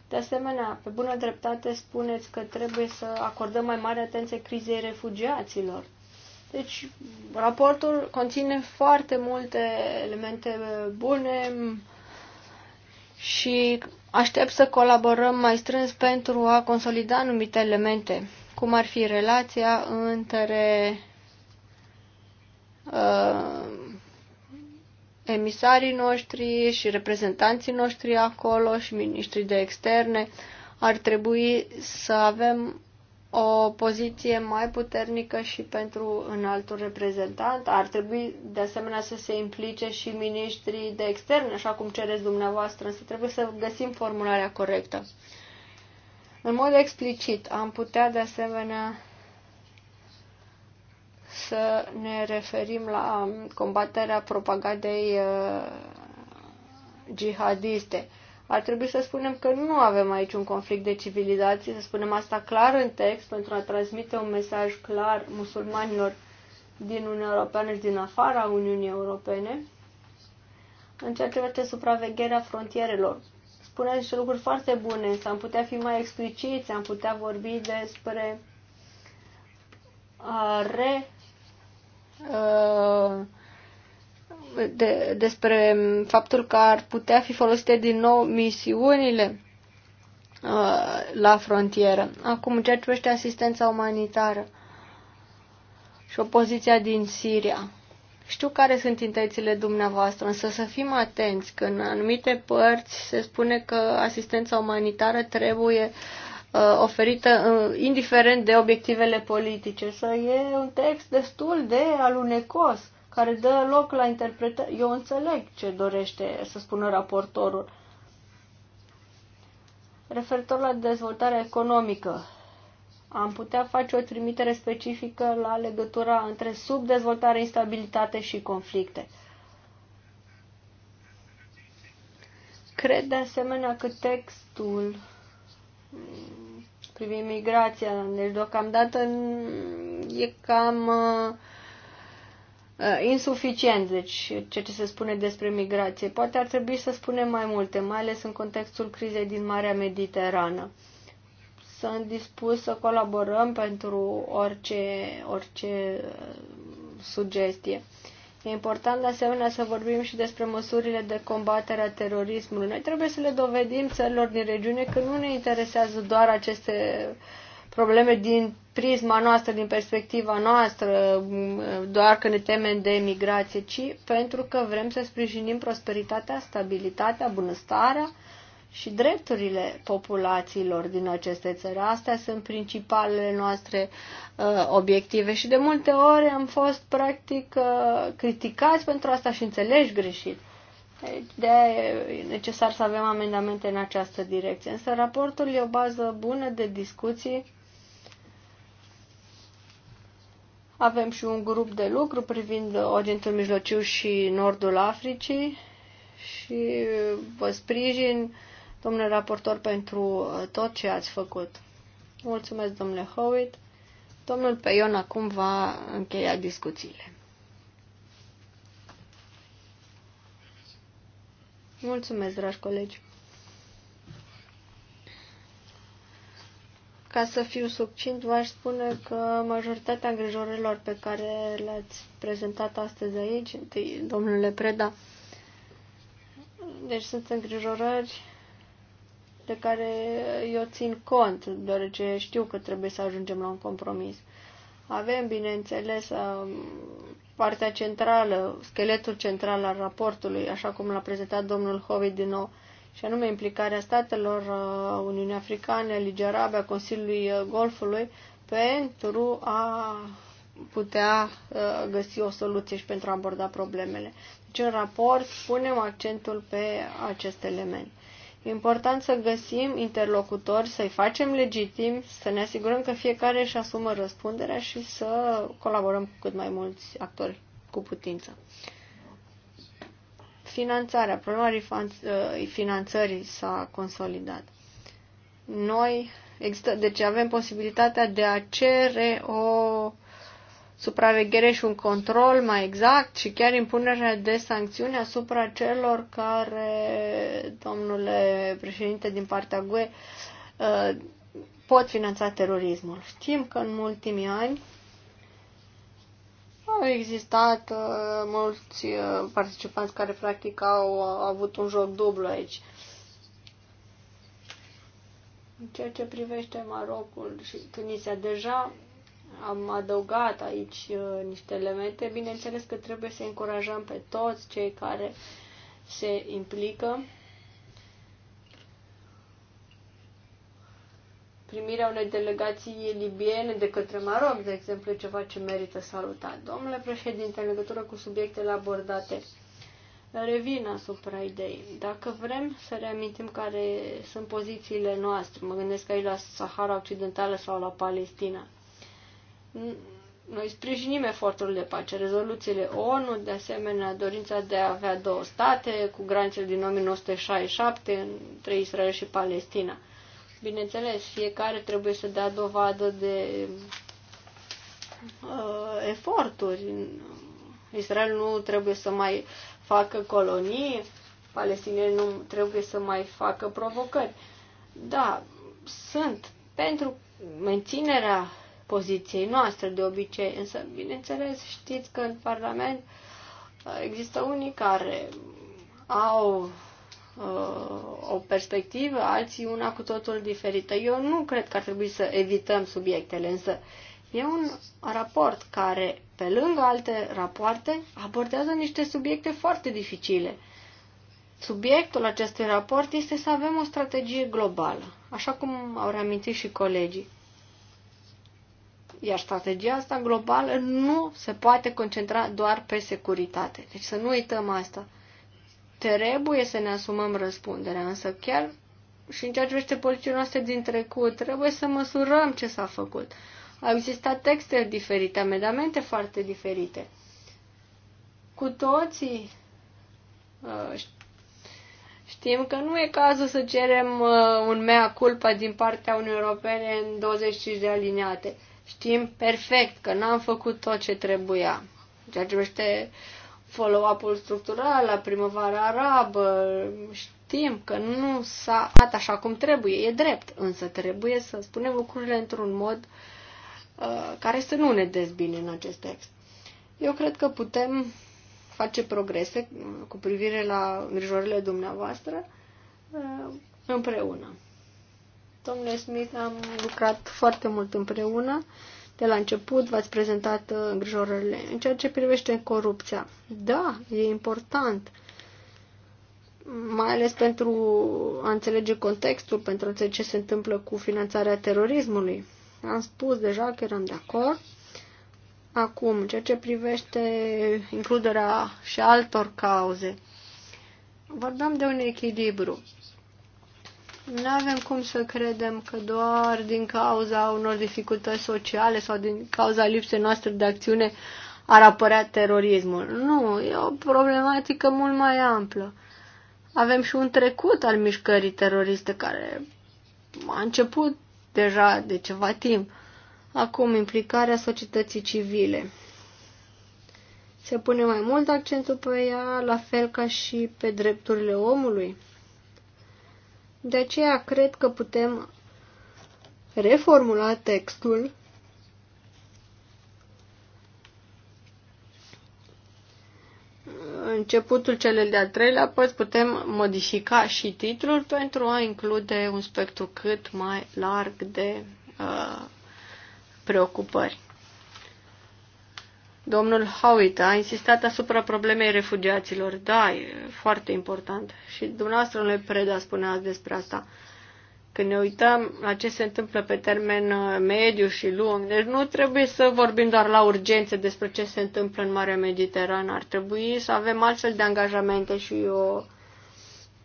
De asemenea, pe bună dreptate spuneți că trebuie să acordăm mai mare atenție crizei refugiaților. Deci, raportul conține foarte multe elemente bune și aștept să colaborăm mai strâns pentru a consolida anumite elemente, cum ar fi relația între uh, emisarii noștri și reprezentanții noștri acolo și ministrii de externe ar trebui să avem o poziție mai puternică și pentru un altul reprezentant. Ar trebui de asemenea să se implice și ministrii de externe, așa cum cereți dumneavoastră, însă trebuie să găsim formularea corectă. În mod explicit, am putea de asemenea să ne referim la combaterea propagandei uh, jihadiste. Ar trebui să spunem că nu avem aici un conflict de civilizații, să spunem asta clar în text pentru a transmite un mesaj clar musulmanilor din Uniunea Europeană și din afara Uniunii Europene în ceea ce privește supravegherea frontierelor. Spunea niște lucruri foarte bune, s-am putea fi mai expliciți, am putea vorbi despre re Uh, de, despre faptul că ar putea fi folosite din nou misiunile uh, la frontieră. Acum, în ceea ce privește asistența umanitară și opoziția din Siria, știu care sunt intențiile dumneavoastră, însă să fim atenți că în anumite părți se spune că asistența umanitară trebuie uh, Uh, oferită uh, indiferent de obiectivele politice. Să e un text destul de alunecos, care dă loc la interpretări. Eu înțeleg ce dorește să spună raportorul. Referitor la dezvoltarea economică, am putea face o trimitere specifică la legătura între subdezvoltare, instabilitate și conflicte. Cred de asemenea că textul privind migrația. Deci, deocamdată e cam uh, uh, insuficient, deci ceea ce se spune despre migrație. Poate ar trebui să spunem mai multe, mai ales în contextul crizei din Marea Mediterană. Sunt dispus să colaborăm pentru orice, orice uh, sugestie. Uh, E important de asemenea să vorbim și despre măsurile de combatere a terorismului. Noi trebuie să le dovedim țărilor din regiune că nu ne interesează doar aceste probleme din prisma noastră, din perspectiva noastră, doar că ne temem de migrație, ci pentru că vrem să sprijinim prosperitatea, stabilitatea, bunăstarea și drepturile populațiilor din aceste țări. Astea sunt principalele noastre uh, obiective și de multe ori am fost practic uh, criticați pentru asta și înțelegi greșit. Deci, de e necesar să avem amendamente în această direcție. Însă raportul e o bază bună de discuții. Avem și un grup de lucru privind Orientul Mijlociu și Nordul Africii și vă sprijin domnule raportor, pentru uh, tot ce ați făcut. Mulțumesc, domnule Howitt. Domnul Peion acum va încheia discuțiile. Mulțumesc, dragi colegi. Ca să fiu succint, v-aș spune că majoritatea îngrijorărilor pe care le-ați prezentat astăzi aici, întâi, domnule Preda, deci sunt îngrijorări de care eu țin cont, deoarece știu că trebuie să ajungem la un compromis. Avem, bineînțeles, partea centrală, scheletul central al raportului, așa cum l-a prezentat domnul Hovid din nou, și anume implicarea statelor Uniunii Africane, Ligia Arabia, Consiliului Golfului, pentru a putea găsi o soluție și pentru a aborda problemele. Deci în raport punem accentul pe acest element. E important să găsim interlocutori, să-i facem legitim, să ne asigurăm că fiecare își asumă răspunderea și să colaborăm cu cât mai mulți actori cu putință. Finanțarea, problema ă, finanțării s-a consolidat. Noi, există, deci avem posibilitatea de a cere o supraveghere și un control mai exact și chiar impunerea de sancțiuni asupra celor care, domnule președinte din partea GUE, uh, pot finanța terorismul. Știm că în ultimii ani au existat uh, mulți uh, participanți care practic au avut un joc dublu aici. În ceea ce privește Marocul și Tunisia, deja am adăugat aici uh, niște elemente. Bineînțeles că trebuie să încurajăm pe toți cei care se implică. Primirea unei delegații libiene de către Maroc, de exemplu, e ceva ce merită salutat. Domnule președinte, în legătură cu subiectele abordate, revin asupra ideii. Dacă vrem să reamintim care sunt pozițiile noastre, mă gândesc aici la Sahara Occidentală sau la Palestina, noi sprijinim efortul de pace, rezoluțiile ONU, de asemenea dorința de a avea două state cu granițele din 1967 între Israel și Palestina. Bineînțeles, fiecare trebuie să dea dovadă de uh, eforturi. Israel nu trebuie să mai facă colonii, palestinienii nu trebuie să mai facă provocări. Da, sunt pentru menținerea poziției noastre de obicei, însă, bineînțeles, știți că în Parlament uh, există unii care au uh, o perspectivă, alții una cu totul diferită. Eu nu cred că ar trebui să evităm subiectele, însă e un raport care, pe lângă alte rapoarte, abordează niște subiecte foarte dificile. Subiectul acestui raport este să avem o strategie globală, așa cum au reamintit și colegii. Iar strategia asta globală nu se poate concentra doar pe securitate. Deci să nu uităm asta. Trebuie să ne asumăm răspunderea, însă chiar și în ceea ce vește politicile noastre din trecut, trebuie să măsurăm ce s-a făcut. Au existat texte diferite, amendamente foarte diferite. Cu toții uh, știm că nu e cazul să cerem uh, un mea culpa din partea Uniunii Europene în 25 de aliniate. Știm perfect că n-am făcut tot ce trebuia. Ceea ce vește follow-up-ul structural la primăvara arabă, știm că nu s-a dat așa cum trebuie, e drept, însă trebuie să spunem lucrurile într-un mod uh, care să nu ne dezbine în acest text. Eu cred că putem face progrese cu privire la îngrijorările dumneavoastră uh, împreună. Domnule Smith, am lucrat foarte mult împreună. De la început v-ați prezentat uh, îngrijorările. În ceea ce privește corupția, da, e important mai ales pentru a înțelege contextul, pentru a înțelege ce se întâmplă cu finanțarea terorismului. Am spus deja că eram de acord. Acum, ceea ce privește includerea și altor cauze, vorbeam de un echilibru. Nu avem cum să credem că doar din cauza unor dificultăți sociale sau din cauza lipsei noastre de acțiune ar apărea terorismul. Nu, e o problematică mult mai amplă. Avem și un trecut al mișcării teroriste care a început deja de ceva timp. Acum, implicarea societății civile. Se pune mai mult accentul pe ea, la fel ca și pe drepturile omului. De aceea cred că putem reformula textul începutul celei de-al treilea părți putem modifica și titlul pentru a include un spectru cât mai larg de uh, preocupări. Domnul Howitt a insistat asupra problemei refugiaților. Da, e foarte important. Și dumneavoastră, domnule Preda, spunea despre asta. Când ne uităm la ce se întâmplă pe termen uh, mediu și lung, deci nu trebuie să vorbim doar la urgențe despre ce se întâmplă în Marea Mediterană. Ar trebui să avem altfel de angajamente și o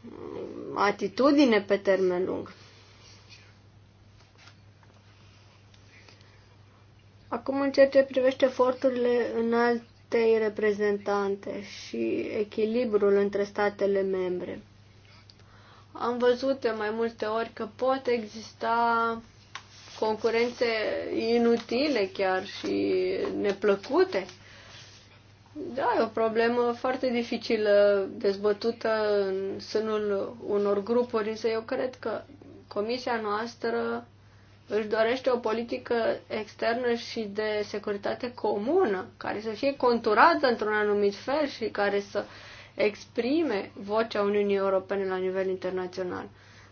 mm, atitudine pe termen lung. Acum, în ceea ce privește eforturile în altei reprezentante și echilibrul între statele membre, am văzut de mai multe ori că pot exista concurențe inutile chiar și neplăcute. Da, e o problemă foarte dificilă, dezbătută în sânul unor grupuri, însă eu cred că comisia noastră își dorește o politică externă și de securitate comună, care să fie conturată într-un anumit fel și care să exprime vocea Uniunii Europene la nivel internațional.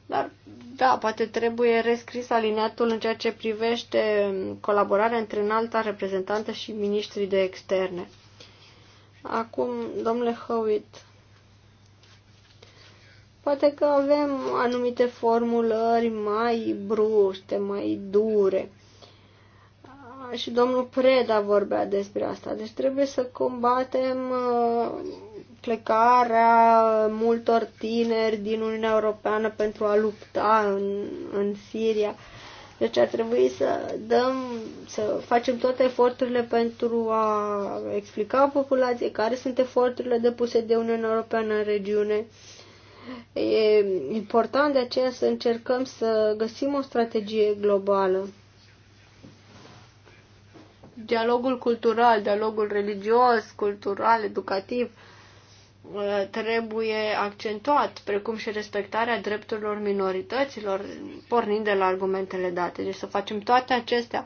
Dar, da, poate trebuie rescris alineatul în ceea ce privește colaborarea între înalta reprezentantă și ministrii de externe. Acum, domnule Howitt, Poate că avem anumite formulări mai bruște, mai dure. Și domnul Preda vorbea despre asta. Deci trebuie să combatem uh, plecarea multor tineri din Uniunea Europeană pentru a lupta în, în Siria. Deci ar trebui să dăm, să facem toate eforturile pentru a explica populației care sunt eforturile depuse de Uniunea Europeană în regiune E important de aceea să încercăm să găsim o strategie globală. Dialogul cultural, dialogul religios, cultural, educativ uh, trebuie accentuat, precum și respectarea drepturilor minorităților, pornind de la argumentele date. Deci să facem toate acestea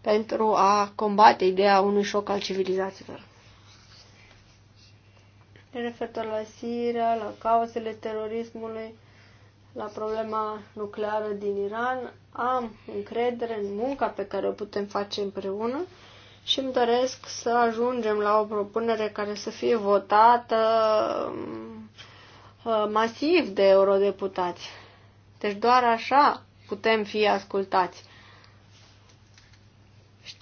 pentru a combate ideea unui șoc al civilizațiilor referitor la Siria, la cauzele terorismului, la problema nucleară din Iran. Am încredere în munca pe care o putem face împreună și îmi doresc să ajungem la o propunere care să fie votată mm, uh, masiv de eurodeputați. Deci doar așa putem fi ascultați.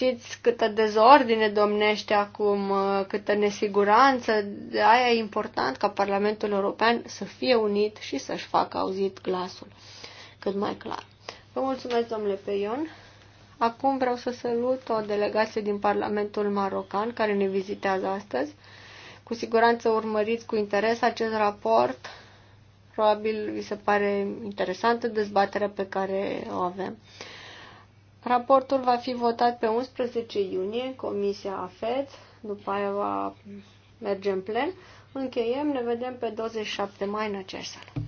Știți câtă dezordine domnește acum, uh, câtă nesiguranță, de aia e important ca Parlamentul European să fie unit și să-și facă auzit glasul cât mai clar. Vă mulțumesc, domnule Peion. Acum vreau să salut o delegație din Parlamentul Marocan care ne vizitează astăzi. Cu siguranță urmăriți cu interes acest raport. Probabil vi se pare interesantă dezbaterea pe care o avem. Raportul va fi votat pe 11 iunie, Comisia AFET, după aia va merge în plen. Încheiem, ne vedem pe 27 mai în aceeași sală.